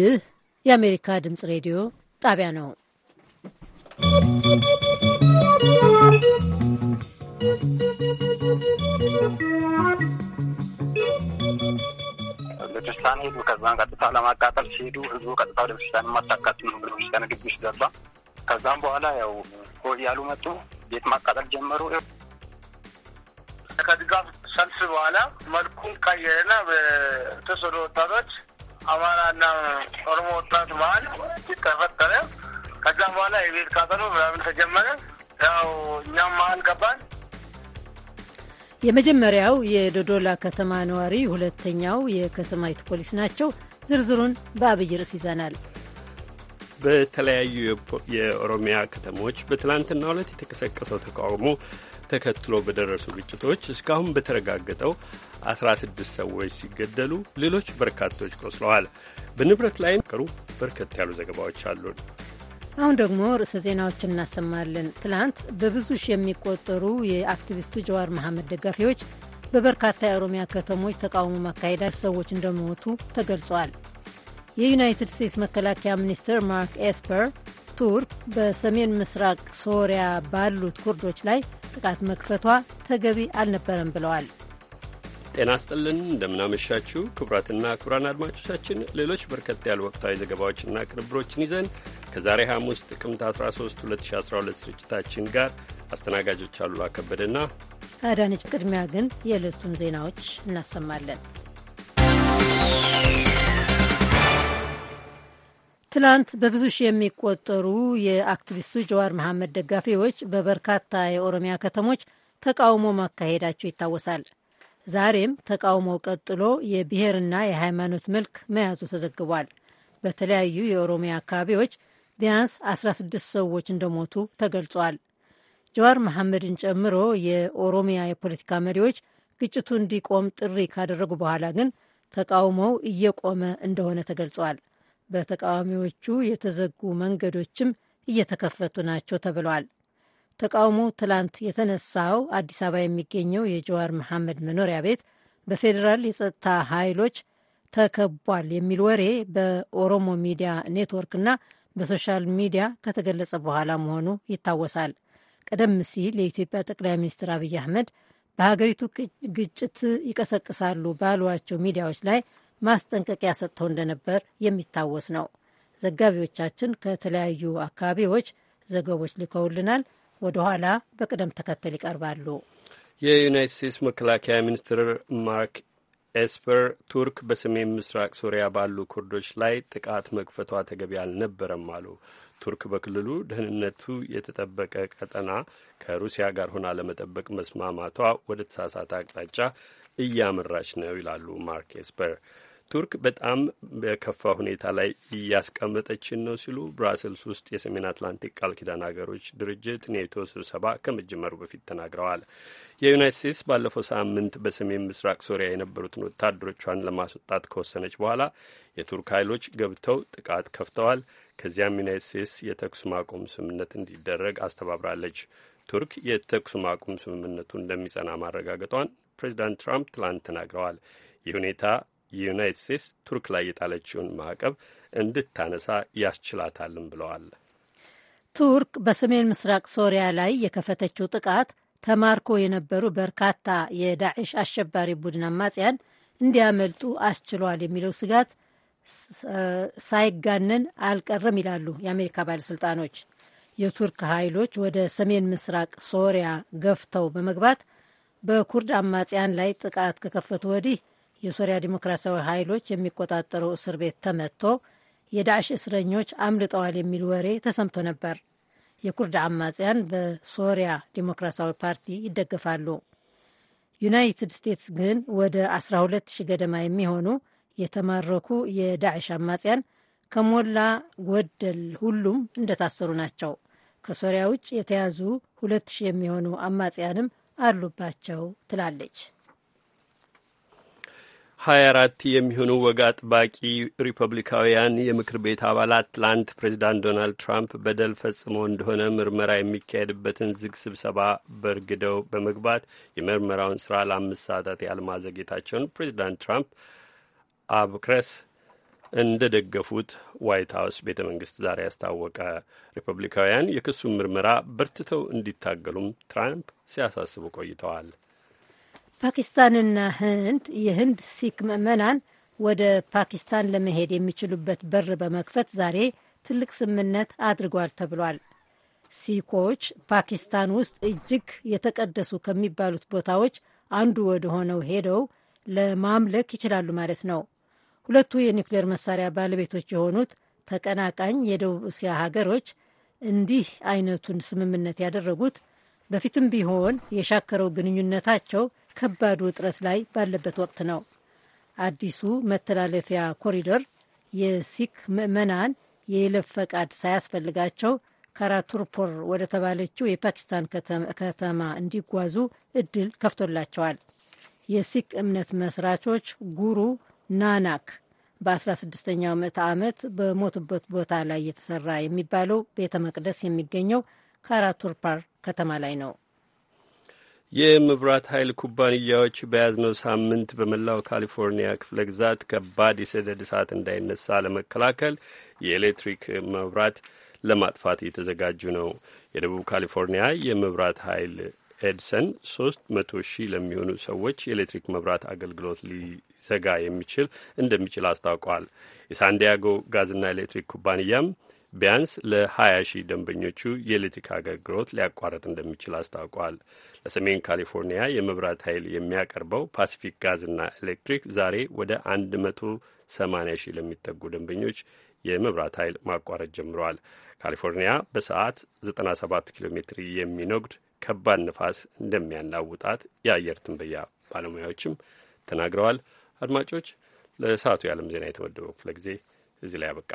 ይህ የአሜሪካ ድምፅ ሬዲዮ ጣቢያ ነው። ቤተክርስቲያን ሄዱ። ከዛም ቀጥታ ለማቃጠል ሲሄዱ ህዝቡ ቀጥታ ወደ ቤተክርስቲያን ማሳካት ነው። ቤተክርስቲያን ግቢ ውስጥ ገባ። ከዛም በኋላ ያው ሆድ ያሉ መጡ። ቤት ማቃጠል ጀመሩ። ከድጋፍ ሰልፍ በኋላ መልኩን ቀየረና በተሰዶ ወጣቶች አማራና ኦሮሞ ወጣት መሀል ተፈጠረ። ከዛም በኋላ የቤት ቃጠሎ ምናምን ተጀመረ። ያው እኛም መሀል ገባን። የመጀመሪያው የዶዶላ ከተማ ነዋሪ፣ ሁለተኛው የከተማይቱ ፖሊስ ናቸው። ዝርዝሩን በአብይ ርዕስ ይዘናል። በተለያዩ የኦሮሚያ ከተሞች በትላንትናው ዕለት የተቀሰቀሰው ተቃውሞ ተከትሎ በደረሱ ግጭቶች እስካሁን በተረጋገጠው 16 ሰዎች ሲገደሉ ሌሎች በርካቶች ቆስለዋል። በንብረት ላይ ቀሩ በርከት ያሉ ዘገባዎች አሉን። አሁን ደግሞ ርዕሰ ዜናዎችን እናሰማለን። ትላንት በብዙ ሺህ የሚቆጠሩ የአክቲቪስቱ ጀዋር መሐመድ ደጋፊዎች በበርካታ የኦሮሚያ ከተሞች ተቃውሞ ማካሄዳ ሰዎች እንደሞቱ ተገልጿል። የዩናይትድ ስቴትስ መከላከያ ሚኒስትር ማርክ ኤስፐር ቱርክ በሰሜን ምስራቅ ሶሪያ ባሉት ኩርዶች ላይ ጥቃት መክፈቷ ተገቢ አልነበረም ብለዋል። ጤና ስጥልን እንደምናመሻችሁ ክቡራትና ክቡራን አድማጮቻችን ሌሎች በርከት ያሉ ወቅታዊ ዘገባዎችና ቅንብሮችን ይዘን ከዛሬ ሐሙስ ጥቅምት 13 2012 ስርጭታችን ጋር አስተናጋጆች አሉላ ከበደና አዳነች። ቅድሚያ ግን የዕለቱን ዜናዎች እናሰማለን። ትላንት በብዙ ሺህ የሚቆጠሩ የአክቲቪስቱ ጀዋር መሐመድ ደጋፊዎች በበርካታ የኦሮሚያ ከተሞች ተቃውሞ ማካሄዳቸው ይታወሳል። ዛሬም ተቃውሞ ቀጥሎ የብሔርና የሃይማኖት መልክ መያዙ ተዘግቧል። በተለያዩ የኦሮሚያ አካባቢዎች ቢያንስ 16 ሰዎች እንደሞቱ ተገልጿል። ጀዋር መሐመድን ጨምሮ የኦሮሚያ የፖለቲካ መሪዎች ግጭቱ እንዲቆም ጥሪ ካደረጉ በኋላ ግን ተቃውሞው እየቆመ እንደሆነ ተገልጿል። በተቃዋሚዎቹ የተዘጉ መንገዶችም እየተከፈቱ ናቸው ተብሏል። ተቃውሞ ትላንት የተነሳው አዲስ አበባ የሚገኘው የጀዋር መሐመድ መኖሪያ ቤት በፌዴራል የጸጥታ ኃይሎች ተከቧል የሚል ወሬ በኦሮሞ ሚዲያ ኔትወርክና በሶሻል ሚዲያ ከተገለጸ በኋላ መሆኑ ይታወሳል። ቀደም ሲል የኢትዮጵያ ጠቅላይ ሚኒስትር አብይ አህመድ በሀገሪቱ ግጭት ይቀሰቅሳሉ ባሏቸው ሚዲያዎች ላይ ማስጠንቀቂያ ሰጥቶ እንደነበር የሚታወስ ነው። ዘጋቢዎቻችን ከተለያዩ አካባቢዎች ዘገቦች ልከውልናል። ወደ ኋላ በቅደም ተከተል ይቀርባሉ። የዩናይት ስቴትስ መከላከያ ሚኒስትር ማርክ ኤስፐር ቱርክ በሰሜን ምስራቅ ሶሪያ ባሉ ኩርዶች ላይ ጥቃት መክፈቷ ተገቢ አልነበረም አሉ። ቱርክ በክልሉ ደህንነቱ የተጠበቀ ቀጠና ከሩሲያ ጋር ሆና ለመጠበቅ መስማማቷ ወደ ተሳሳተ አቅጣጫ እያመራች ነው ይላሉ ማርክ ኤስፐር። ቱርክ በጣም በከፋ ሁኔታ ላይ እያስቀመጠችን ነው ሲሉ ብራሰልስ ውስጥ የሰሜን አትላንቲክ ቃል ኪዳን ሀገሮች ድርጅት ኔቶ ስብሰባ ከመጀመሩ በፊት ተናግረዋል። የዩናይት ስቴትስ ባለፈው ሳምንት በሰሜን ምስራቅ ሶሪያ የነበሩትን ወታደሮቿን ለማስወጣት ከወሰነች በኋላ የቱርክ ኃይሎች ገብተው ጥቃት ከፍተዋል። ከዚያም ዩናይት ስቴትስ የተኩስ ማቆም ስምምነት እንዲደረግ አስተባብራለች። ቱርክ የተኩስ ማቆም ስምምነቱ እንደሚጸና ማረጋገጧን ፕሬዚዳንት ትራምፕ ትላንት ተናግረዋል። ይህ ሁኔታ የዩናይት ስቴትስ ቱርክ ላይ የጣለችውን ማዕቀብ እንድታነሳ ያስችላታልም ብለዋል። ቱርክ በሰሜን ምስራቅ ሶሪያ ላይ የከፈተችው ጥቃት ተማርኮ የነበሩ በርካታ የዳዕሽ አሸባሪ ቡድን አማጽያን እንዲያመልጡ አስችሏል የሚለው ስጋት ሳይጋነን አልቀረም ይላሉ የአሜሪካ ባለሥልጣኖች። የቱርክ ኃይሎች ወደ ሰሜን ምስራቅ ሶሪያ ገፍተው በመግባት በኩርድ አማጽያን ላይ ጥቃት ከከፈቱ ወዲህ የሶሪያ ዲሞክራሲያዊ ኃይሎች የሚቆጣጠረው እስር ቤት ተመትቶ የዳዕሽ እስረኞች አምልጠዋል የሚል ወሬ ተሰምቶ ነበር። የኩርድ አማጽያን በሶሪያ ዲሞክራሲያዊ ፓርቲ ይደገፋሉ። ዩናይትድ ስቴትስ ግን ወደ ሺ ገደማ የሚሆኑ የተማረኩ የዳዕሽ አማጽያን ከሞላ ጎደል ሁሉም እንደታሰሩ ናቸው። ከሶሪያ ውጭ የተያዙ 2000 የሚሆኑ አማጽያንም አሉባቸው ትላለች። ሀያ አራት የሚሆኑ ወግ አጥባቂ ሪፐብሊካውያን የምክር ቤት አባላት ትላንት ፕሬዚዳንት ዶናልድ ትራምፕ በደል ፈጽሞ እንደሆነ ምርመራ የሚካሄድበትን ዝግ ስብሰባ በርግደው በመግባት የምርመራውን ስራ ለአምስት ሰዓታት ያለማዘግየታቸውን ፕሬዚዳንት ትራምፕ አብክረስ እንደ ደገፉት ዋይት ሀውስ ቤተ መንግስት ዛሬ ያስታወቀ። ሪፐብሊካውያን የክሱን ምርመራ በርትተው እንዲታገሉም ትራምፕ ሲያሳስቡ ቆይተዋል። ፓኪስታንና ህንድ የህንድ ሲክ ምዕመናን ወደ ፓኪስታን ለመሄድ የሚችሉበት በር በመክፈት ዛሬ ትልቅ ስምምነት አድርጓል ተብሏል። ሲኮች ፓኪስታን ውስጥ እጅግ የተቀደሱ ከሚባሉት ቦታዎች አንዱ ወደ ሆነው ሄደው ለማምለክ ይችላሉ ማለት ነው። ሁለቱ የኒውክሌር መሳሪያ ባለቤቶች የሆኑት ተቀናቃኝ የደቡብ እስያ ሀገሮች እንዲህ አይነቱን ስምምነት ያደረጉት በፊትም ቢሆን የሻከረው ግንኙነታቸው ከባድ ውጥረት ላይ ባለበት ወቅት ነው። አዲሱ መተላለፊያ ኮሪደር የሲክ ምዕመናን የይለፍ ፈቃድ ሳያስፈልጋቸው ካራቱርፖር ወደ ተባለችው የፓኪስታን ከተማ እንዲጓዙ እድል ከፍቶላቸዋል። የሲክ እምነት መስራቾች ጉሩ ናናክ በ16ኛው ምዕተ ዓመት በሞቱበት ቦታ ላይ የተሰራ የሚባለው ቤተ መቅደስ የሚገኘው ካራቱርፓር ከተማ ላይ ነው። የመብራት ኃይል ኩባንያዎች በያዝነው ሳምንት በመላው ካሊፎርኒያ ክፍለ ግዛት ከባድ የሰደድ እሳት እንዳይነሳ ለመከላከል የኤሌክትሪክ መብራት ለማጥፋት እየተዘጋጁ ነው። የደቡብ ካሊፎርኒያ የመብራት ኃይል ኤድሰን ሶስት መቶ ሺህ ለሚሆኑ ሰዎች የኤሌክትሪክ መብራት አገልግሎት ሊዘጋ የሚችል እንደሚችል አስታውቋል። የሳንዲያጎ ጋዝና ኤሌክትሪክ ኩባንያም ቢያንስ ለ20 ሺህ ደንበኞቹ የኤሌክትሪክ አገልግሎት ሊያቋረጥ እንደሚችል አስታውቋል። ለሰሜን ካሊፎርኒያ የመብራት ኃይል የሚያቀርበው ፓሲፊክ ጋዝና ኤሌክትሪክ ዛሬ ወደ 180 ሺህ ለሚጠጉ ደንበኞች የመብራት ኃይል ማቋረጥ ጀምረዋል። ካሊፎርኒያ በሰዓት 97 ኪሎ ሜትር የሚነጉድ ከባድ ነፋስ እንደሚያናውጣት የአየር ትንበያ ባለሙያዎችም ተናግረዋል። አድማጮች፣ ለሰዓቱ የዓለም ዜና የተመደበው ክፍለ ጊዜ እዚህ ላይ አበቃ።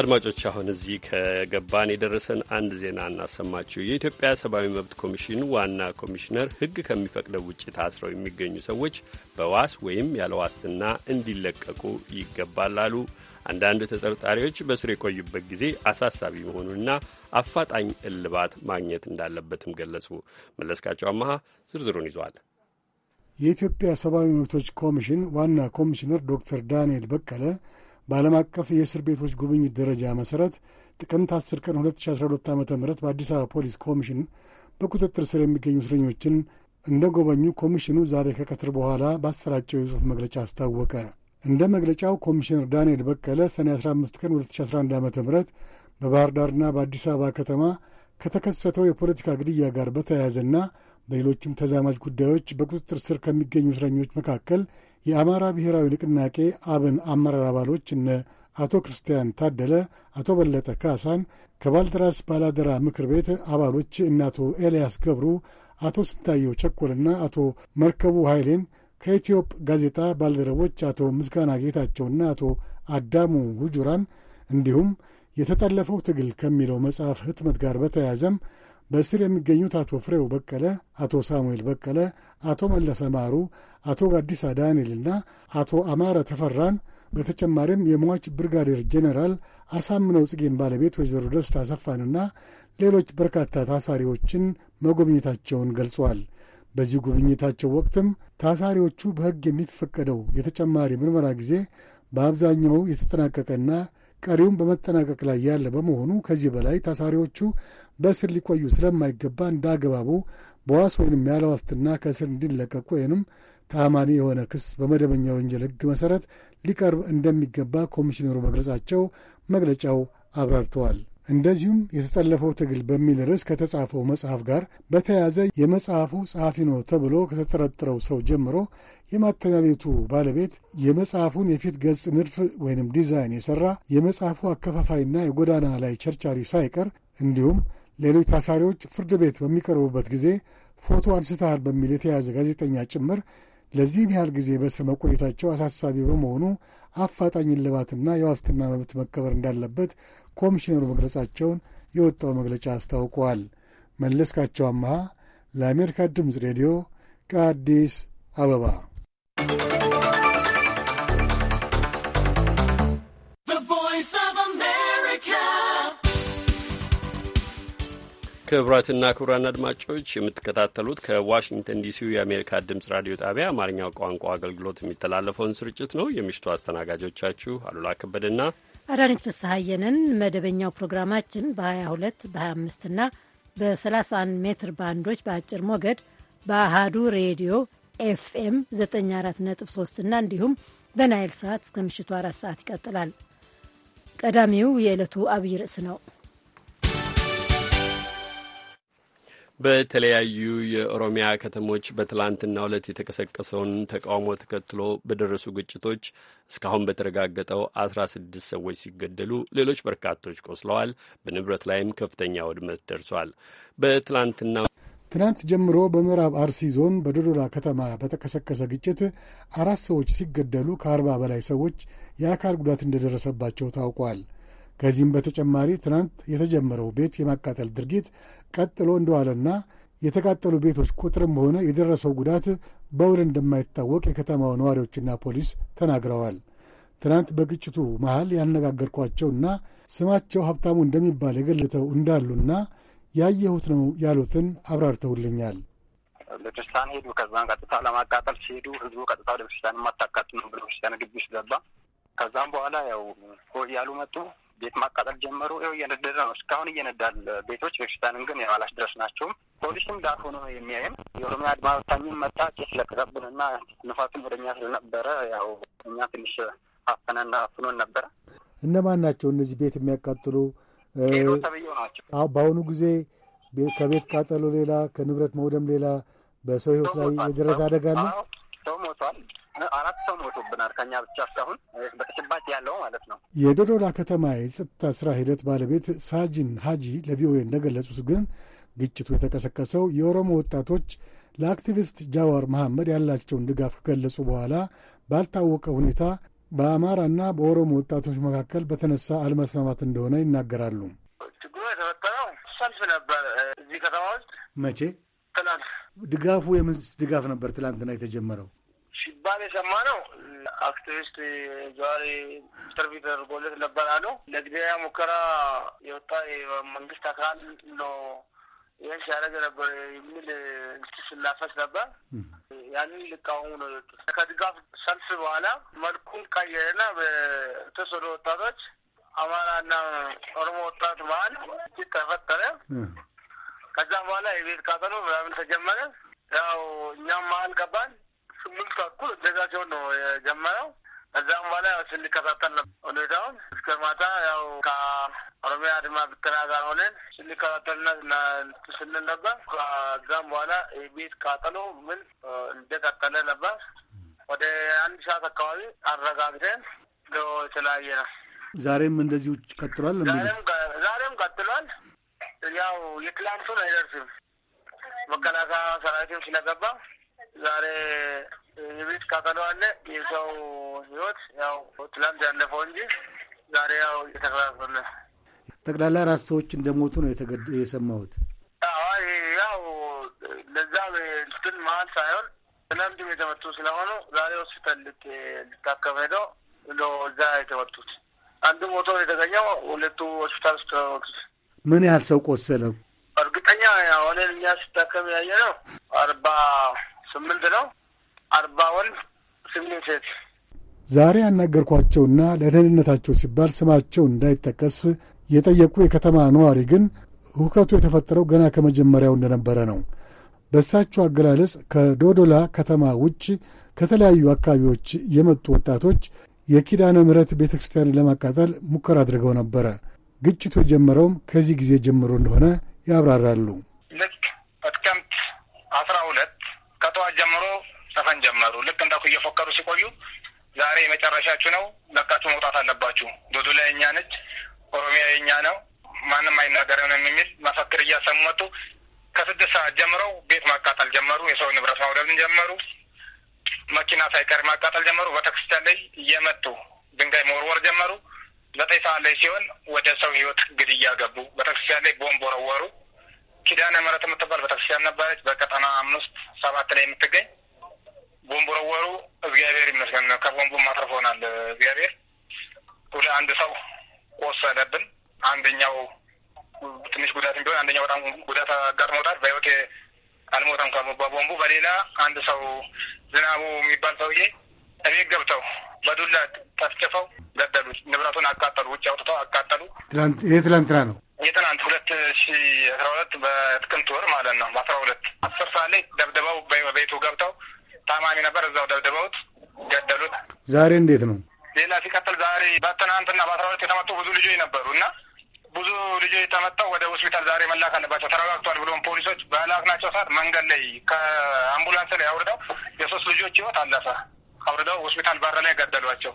አድማጮች አሁን እዚህ ከገባን የደረሰን አንድ ዜና እናሰማችሁ። የኢትዮጵያ ሰብአዊ መብት ኮሚሽን ዋና ኮሚሽነር ሕግ ከሚፈቅደው ውጭ ታስረው የሚገኙ ሰዎች በዋስ ወይም ያለ ዋስትና እንዲለቀቁ ይገባል አሉ። አንዳንድ ተጠርጣሪዎች በስር የቆዩበት ጊዜ አሳሳቢ መሆኑንና አፋጣኝ እልባት ማግኘት እንዳለበትም ገለጹ። መለስካቸው አመሃ ዝርዝሩን ይዟል። የኢትዮጵያ ሰብአዊ መብቶች ኮሚሽን ዋና ኮሚሽነር ዶክተር ዳንኤል በቀለ በዓለም አቀፍ የእስር ቤቶች ጉብኝት ደረጃ መሠረት ጥቅምት 10 ቀን 2012 ዓ ም በአዲስ አበባ ፖሊስ ኮሚሽን በቁጥጥር ስር የሚገኙ እስረኞችን እንደ ጎበኙ ኮሚሽኑ ዛሬ ከቀትር በኋላ ባሰራጨው የጽሑፍ መግለጫ አስታወቀ። እንደ መግለጫው ኮሚሽነር ዳንኤል በቀለ ሰኔ 15 ቀን 2011 ዓ ም በባህር ዳርና በአዲስ አበባ ከተማ ከተከሰተው የፖለቲካ ግድያ ጋር በተያያዘና በሌሎችም ተዛማጅ ጉዳዮች በቁጥጥር ስር ከሚገኙ እስረኞች መካከል የአማራ ብሔራዊ ንቅናቄ አብን አመራር አባሎች እነ አቶ ክርስቲያን ታደለ፣ አቶ በለጠ ካሳን ከባልደራስ ባላደራ ምክር ቤት አባሎች እነ አቶ ኤልያስ ገብሩ፣ አቶ ስንታየው ቸኮልና አቶ መርከቡ ኃይሌን ከኢትዮጵ ጋዜጣ ባልደረቦች አቶ ምስጋና ጌታቸውና አቶ አዳሙ ውጁራን እንዲሁም የተጠለፈው ትግል ከሚለው መጽሐፍ ህትመት ጋር በተያያዘም በእስር የሚገኙት አቶ ፍሬው በቀለ፣ አቶ ሳሙኤል በቀለ፣ አቶ መለሰ ማሩ፣ አቶ ጋዲሳ ዳንኤልና አቶ አማረ ተፈራን በተጨማሪም የሟች ብርጋዴር ጄኔራል አሳምነው ጽጌን ባለቤት ወይዘሮ ደስታ አሰፋንና ሌሎች በርካታ ታሳሪዎችን መጎብኘታቸውን ገልጿል። በዚህ ጉብኝታቸው ወቅትም ታሳሪዎቹ በሕግ የሚፈቀደው የተጨማሪ ምርመራ ጊዜ በአብዛኛው የተጠናቀቀና ቀሪውም በመጠናቀቅ ላይ ያለ በመሆኑ ከዚህ በላይ ታሳሪዎቹ በእስር ሊቆዩ ስለማይገባ እንደ አግባቡ በዋስ ወይንም ያለ ዋስትና ከእስር እንዲለቀቁ ወይንም ታማኒ የሆነ ክስ በመደበኛ ወንጀል ሕግ መሠረት ሊቀርብ እንደሚገባ ኮሚሽነሩ መግለጻቸው መግለጫው አብራርተዋል። እንደዚሁም የተጠለፈው ትግል በሚል ርዕስ ከተጻፈው መጽሐፍ ጋር በተያያዘ የመጽሐፉ ጸሐፊ ነው ተብሎ ከተጠረጠረው ሰው ጀምሮ የማተሚያ ቤቱ ባለቤት፣ የመጽሐፉን የፊት ገጽ ንድፍ ወይንም ዲዛይን የሠራ የመጽሐፉ አከፋፋይና የጎዳና ላይ ቸርቻሪ ሳይቀር እንዲሁም ሌሎች ታሳሪዎች ፍርድ ቤት በሚቀርቡበት ጊዜ ፎቶ አንስተሃል በሚል የተያዘ ጋዜጠኛ ጭምር ለዚህን ያህል ጊዜ በእስር መቆየታቸው አሳሳቢ በመሆኑ አፋጣኝ እልባትና የዋስትና መብት መከበር እንዳለበት ኮሚሽነሩ መግለጻቸውን የወጣው መግለጫ አስታውቋል። መለስካቸው አመሃ ለአሜሪካ ድምፅ ሬዲዮ ከአዲስ አበባ ክቡራትና ክቡራን አድማጮች የምትከታተሉት ከዋሽንግተን ዲሲ የአሜሪካ ድምጽ ራዲዮ ጣቢያ አማርኛው ቋንቋ አገልግሎት የሚተላለፈውን ስርጭት ነው። የምሽቱ አስተናጋጆቻችሁ አሉላ ከበደና አዳነች ፍስሐየንን መደበኛው ፕሮግራማችን በ22 በ25 እና በ31 ሜትር ባንዶች በአጭር ሞገድ በአሃዱ ሬዲዮ ኤፍኤም 943 እና እንዲሁም በናይል ሰዓት እስከ ምሽቱ አራት ሰዓት ይቀጥላል። ቀዳሚው የዕለቱ አብይ ርዕስ ነው። በተለያዩ የኦሮሚያ ከተሞች በትላንትና ዕለት የተቀሰቀሰውን ተቃውሞ ተከትሎ በደረሱ ግጭቶች እስካሁን በተረጋገጠው አስራ ስድስት ሰዎች ሲገደሉ ሌሎች በርካቶች ቆስለዋል። በንብረት ላይም ከፍተኛ ውድመት ደርሷል። በትላንትና ትናንት ጀምሮ በምዕራብ አርሲ ዞን በዶዶላ ከተማ በተቀሰቀሰ ግጭት አራት ሰዎች ሲገደሉ ከአርባ በላይ ሰዎች የአካል ጉዳት እንደደረሰባቸው ታውቋል። ከዚህም በተጨማሪ ትናንት የተጀመረው ቤት የማቃጠል ድርጊት ቀጥሎ እንደዋለና የተቃጠሉ ቤቶች ቁጥርም ሆነ የደረሰው ጉዳት በውል እንደማይታወቅ የከተማው ነዋሪዎችና ፖሊስ ተናግረዋል። ትናንት በግጭቱ መሃል ያነጋገርኳቸውና ስማቸው ሀብታሙ እንደሚባል የገለተው እንዳሉና ያየሁት ነው ያሉትን አብራርተውልኛል። ቤተክርስቲያን ሄዱ። ከዛም ቀጥታ ለማቃጠል ሲሄዱ ህዝቡ ቀጥታ ወደ ቤተክርስቲያን የማታቃጥል ነው ብሎ ቤተክርስቲያን ግቢ ውስጥ ገባ። ከዛም በኋላ ያው ያሉ መጡ ቤት ማቃጠል ጀመሩ። ይኸው እየነደደ ነው፣ እስካሁን እየነዳል። ቤቶች ቤተክርስቲያንን ግን የዋላሽ ድረስ ናቸውም። ፖሊስም ዳር ሆኖ ነው የሚያየን። የኦሮሚያ አድማ በታኝም መጣ። ጭስ ለቀቀብን እና ንፋስም ወደኛ ስለነበረ ያው እኛ ትንሽ አፈነና አፍኖን ነበረ። እነማን ናቸው እነዚህ ቤት የሚያቃጥሉ? ተብዬው ናቸው። በአሁኑ ጊዜ ከቤት ቃጠሎ ሌላ ከንብረት መውደም ሌላ በሰው ህይወት ላይ የደረሰ አደጋ ነው። ሰው ሞቷል። አራት ሰው ሞቶብናል ከኛ ብቻ እስካሁን በተጨባጭ ያለው ማለት ነው። የዶዶላ ከተማ የጸጥታ ስራ ሂደት ባለቤት ሳጅን ሀጂ ለቪኦኤ እንደገለጹት ግን ግጭቱ የተቀሰቀሰው የኦሮሞ ወጣቶች ለአክቲቪስት ጃዋር መሐመድ ያላቸውን ድጋፍ ከገለጹ በኋላ ባልታወቀ ሁኔታ በአማራና በኦሮሞ ወጣቶች መካከል በተነሳ አለመስማማት እንደሆነ ይናገራሉ። ችግሩ የተፈጠረው ሰልፍ ነበር እዚህ ከተማ ውስጥ መቼ? ትናንት። ድጋፉ የምን ድጋፍ ነበር? ትላንትና የተጀመረው ሲባል የሰማ ነው። አክቲቪስት ጀዋሪ ኢንተርቪው ተደርጎለት ነበር አሉ። ለግድያ ሙከራ የወጣ የመንግስት አካል ነው ይህን ሲያደርግ ነበር የሚል ስላፈስ ነበር። ያንን ልቃወሙ ነው የወጡት። ከድጋፍ ሰልፍ በኋላ መልኩን ቀየረና በተወሰኑ ወጣቶች አማራና ኦሮሞ ወጣት መሀል እጅ ተፈጠረ። ከዛም በኋላ የቤት ቃጠሎ ምናምን ተጀመረ። ያው እኛም መሀል ገባን። ስምንት ተኩል እንደዛ ሲሆን ነው የጀመረው። እዛም በኋላ ያው ስንከታተል ነበር ሁኔታውን እስከ ማታ ያው ከኦሮሚያ አድማ ብተና ጋር ሆነን ስንከታተልና ስንል ነበር። ከዛም በኋላ የቤት ቃጠሎ ምን እንደቀጠለ ነበር። ወደ አንድ ሰዓት አካባቢ አረጋግተን የተለያየ ነው። ዛሬም እንደዚሁ ቀጥሏል። ዛሬም ቀጥሏል። ያው የትላንቱን አይደርስም መከላከያ ሰራዊትም ስለገባ ዛሬ የቤት ቃጠሎ አለ። የሰው ህይወት ያው ትላንት ያለፈው እንጂ ዛሬ ያው የተከላፈነ ጠቅላላ አራት ሰዎች እንደሞቱ ነው የሰማሁት። ያው ለዛ እንትን መሀል ሳይሆን ትናንትም የተመቱ ስለሆኑ ዛሬ ሆስፒታል ልታከም ሄደው እዛ የተመቱት አንዱ ሞቶ የተገኘው ሁለቱ ሆስፒታል ውስጥ ተመቱት። ምን ያህል ሰው ቆሰለው እርግጠኛ ሆነን እኛ ስታከም ያየ ነው አርባ ስምንት ነው። አርባ ወንድ ስምንት ሴት። ዛሬ ያናገርኳቸውና ለደህንነታቸው ሲባል ስማቸው እንዳይጠቀስ የጠየቁ የከተማ ነዋሪ ግን ሁከቱ የተፈጠረው ገና ከመጀመሪያው እንደነበረ ነው። በእሳቸው አገላለጽ ከዶዶላ ከተማ ውጭ ከተለያዩ አካባቢዎች የመጡ ወጣቶች የኪዳነ ምሕረት ቤተ ክርስቲያን ለማቃጠል ሙከራ አድርገው ነበረ። ግጭቱ የጀመረውም ከዚህ ጊዜ ጀምሮ እንደሆነ ያብራራሉ። ልክ ጥቅምት አስራ ሁለት ሰዓት ጀምሮ ሰፈን ጀመሩ። ልክ እንዳልኩ እየፎከሩ ሲቆዩ ዛሬ የመጨረሻችሁ ነው፣ ለቃችሁ መውጣት አለባችሁ፣ ዱዱላ የኛ ነች፣ ኦሮሚያ የኛ ነው፣ ማንም አይናገረንም የሚል መፈክር እያሰሙ መጡ። ከስድስት ሰዓት ጀምረው ቤት ማቃጠል ጀመሩ። የሰው ንብረት ማውደብን ጀመሩ። መኪና ሳይቀር ማቃጠል ጀመሩ። ቤተክርስቲያን ላይ እየመጡ ድንጋይ መወርወር ጀመሩ። ዘጠኝ ሰዓት ላይ ሲሆን ወደ ሰው ህይወት ግድያ ገቡ። ቤተክርስቲያን ላይ ቦምብ ወረወሩ። ኪዳነ ምሕረት የምትባል ቤተክርስቲያን ነበረች። በቀጠና አምስት ሰባት ላይ የምትገኝ ቦምቦረወሩ እግዚአብሔር ይመስገን ከቦምቡም አትርፎናል። እግዚአብሔር ሁለ አንድ ሰው ቆሰለብን። አንደኛው ትንሽ ጉዳት ቢሆን አንደኛው በጣም ጉዳት አጋጥሞታል። በህይወት አልሞተም ከቦምቡ። በሌላ አንድ ሰው ዝናቡ የሚባል ሰውዬ እቤት ገብተው በዱላ ጠፍጭፈው ገደሉት። ንብረቱን አቃጠሉ። ውጭ አውጥተው አቃጠሉ። ይህ ትላንትና ነው። የትናንት ሁለት ሺ አስራ ሁለት በጥቅምት ወር ማለት ነው በአስራ ሁለት አስር ሰዓት ላይ ደብድበው በቤቱ ገብተው ታማሚ ነበር እዛው ደብድበውት ገደሉት። ዛሬ እንዴት ነው? ሌላ ሲቀጥል ዛሬ በትናንትና በአስራ ሁለት የተመጡ ብዙ ልጆች ነበሩ እና ብዙ ልጆች የተመጣው ወደ ሆስፒታል ዛሬ መላክ አለባቸው ተረጋግቷል ብሎም ፖሊሶች በላክናቸው ሰዓት መንገድ ላይ ከአምቡላንስ ላይ አውርደው የሶስት ልጆች ህይወት አለፈ። አውርደው ሆስፒታል በር ላይ ገደሏቸው።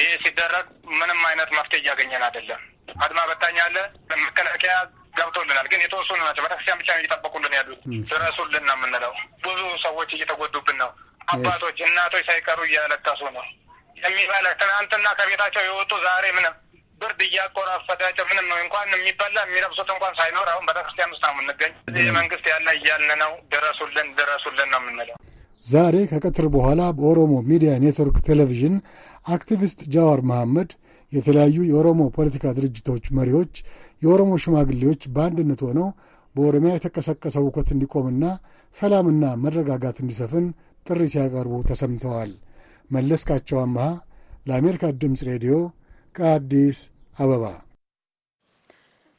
ይህ ሲደረግ ምንም አይነት መፍትሄ እያገኘን አይደለም። አድማ በታኝ አለ፣ መከላከያ ገብቶልናል። ግን የተወሰኑ ናቸው። በተክርስቲያን ብቻ እየጠበቁልን ያሉት። ድረሱልን ነው የምንለው። ብዙ ሰዎች እየተጎዱብን ነው። አባቶች እናቶች ሳይቀሩ እያለቀሱ ነው የሚባለ ትናንትና ከቤታቸው የወጡ ዛሬ ምንም ብርድ እያቆራፈዳቸው ምንም ነው እንኳን የሚበላ የሚለብሱት እንኳን ሳይኖር አሁን በተክርስቲያን ውስጥ ነው የምንገኝ። መንግስት ያለ እያልን ነው ድረሱልን ድረሱልን ነው የምንለው። ዛሬ ከቀትር በኋላ በኦሮሞ ሚዲያ ኔትወርክ ቴሌቪዥን አክቲቪስት ጃዋር መሐመድ የተለያዩ የኦሮሞ ፖለቲካ ድርጅቶች መሪዎች፣ የኦሮሞ ሽማግሌዎች በአንድነት ሆነው በኦሮሚያ የተቀሰቀሰው ሁከት እንዲቆምና ሰላምና መረጋጋት እንዲሰፍን ጥሪ ሲያቀርቡ ተሰምተዋል። መለስካቸው አምሃ ለአሜሪካ ድምፅ ሬዲዮ ከአዲስ አበባ።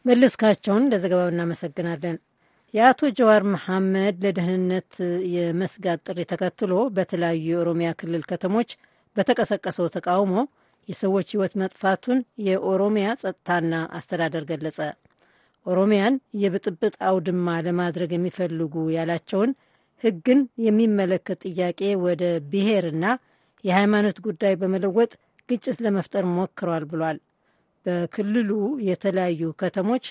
መለስካቸውን ለዘገባው እናመሰግናለን። የአቶ ጀዋር መሐመድ ለደህንነት የመስጋት ጥሪ ተከትሎ በተለያዩ የኦሮሚያ ክልል ከተሞች በተቀሰቀሰው ተቃውሞ የሰዎች ሕይወት መጥፋቱን የኦሮሚያ ጸጥታና አስተዳደር ገለጸ። ኦሮሚያን የብጥብጥ አውድማ ለማድረግ የሚፈልጉ ያላቸውን ሕግን የሚመለከት ጥያቄ ወደ ብሔርና የሃይማኖት ጉዳይ በመለወጥ ግጭት ለመፍጠር ሞክረዋል ብሏል። በክልሉ የተለያዩ ከተሞች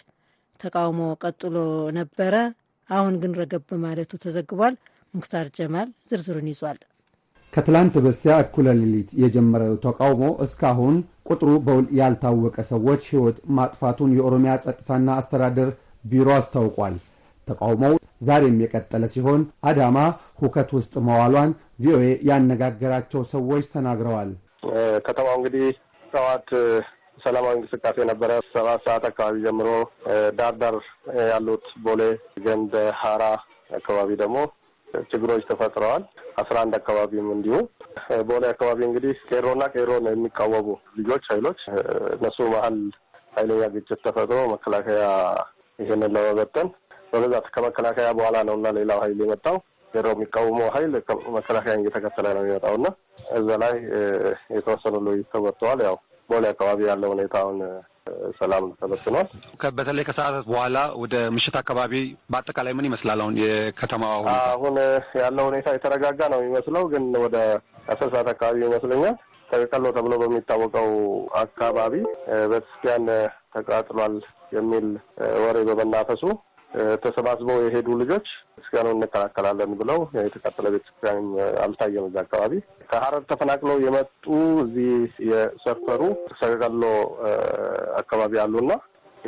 ተቃውሞ ቀጥሎ ነበረ። አሁን ግን ረገብ ማለቱ ተዘግቧል። ሙክታር ጀማል ዝርዝሩን ይዟል። ከትላንት በስቲያ እኩለ ሌሊት የጀመረው ተቃውሞ እስካሁን ቁጥሩ በውል ያልታወቀ ሰዎች ሕይወት ማጥፋቱን የኦሮሚያ ጸጥታና አስተዳደር ቢሮ አስታውቋል። ተቃውሞው ዛሬም የቀጠለ ሲሆን አዳማ ሁከት ውስጥ መዋሏን ቪኦኤ ያነጋገራቸው ሰዎች ተናግረዋል። ከተማው እንግዲህ ጠዋት ሰላማዊ እንቅስቃሴ የነበረ ሰባት ሰዓት አካባቢ ጀምሮ ዳር ዳር ያሉት ቦሌ፣ ገንደ፣ ሀራ አካባቢ ደግሞ ችግሮች ተፈጥረዋል። አስራ አንድ አካባቢም እንዲሁ በሆነ አካባቢ እንግዲህ ቄሮና ቄሮ ነው የሚቃወሙ ልጆች ኃይሎች እነሱ መሀል ኃይለኛ ግጭት ተፈጥሮ መከላከያ ይህንን ለመበጠን በብዛት ከመከላከያ በኋላ ነው እና ሌላው ኃይል የመጣው ቄሮ የሚቃወመው ኃይል መከላከያ እየተከተለ ነው የሚመጣው እና እዛ ላይ የተወሰኑ ልጅ ተወጥተዋል። ያው በሆነ አካባቢ ያለው ሁኔታውን ሰላም ተመስኗል። በተለይ ከሰዓት በኋላ ወደ ምሽት አካባቢ በአጠቃላይ ምን ይመስላል? አሁን የከተማዋ አሁን ያለው ሁኔታ የተረጋጋ ነው የሚመስለው፣ ግን ወደ አስር ሰዓት አካባቢ ይመስለኛል ተቀሎ ተብሎ በሚታወቀው አካባቢ ቤተክርስቲያን ተቃጥሏል የሚል ወሬ በመናፈሱ ተሰባስበው የሄዱ ልጆች ክርስቲያኑ እንከላከላለን ብለው የተቃጠለ ቤተክርስቲያን አልታየም። እዛ አካባቢ ከሀረር ተፈናቅለው የመጡ እዚህ የሰፈሩ ሰገጋሎ አካባቢ አሉና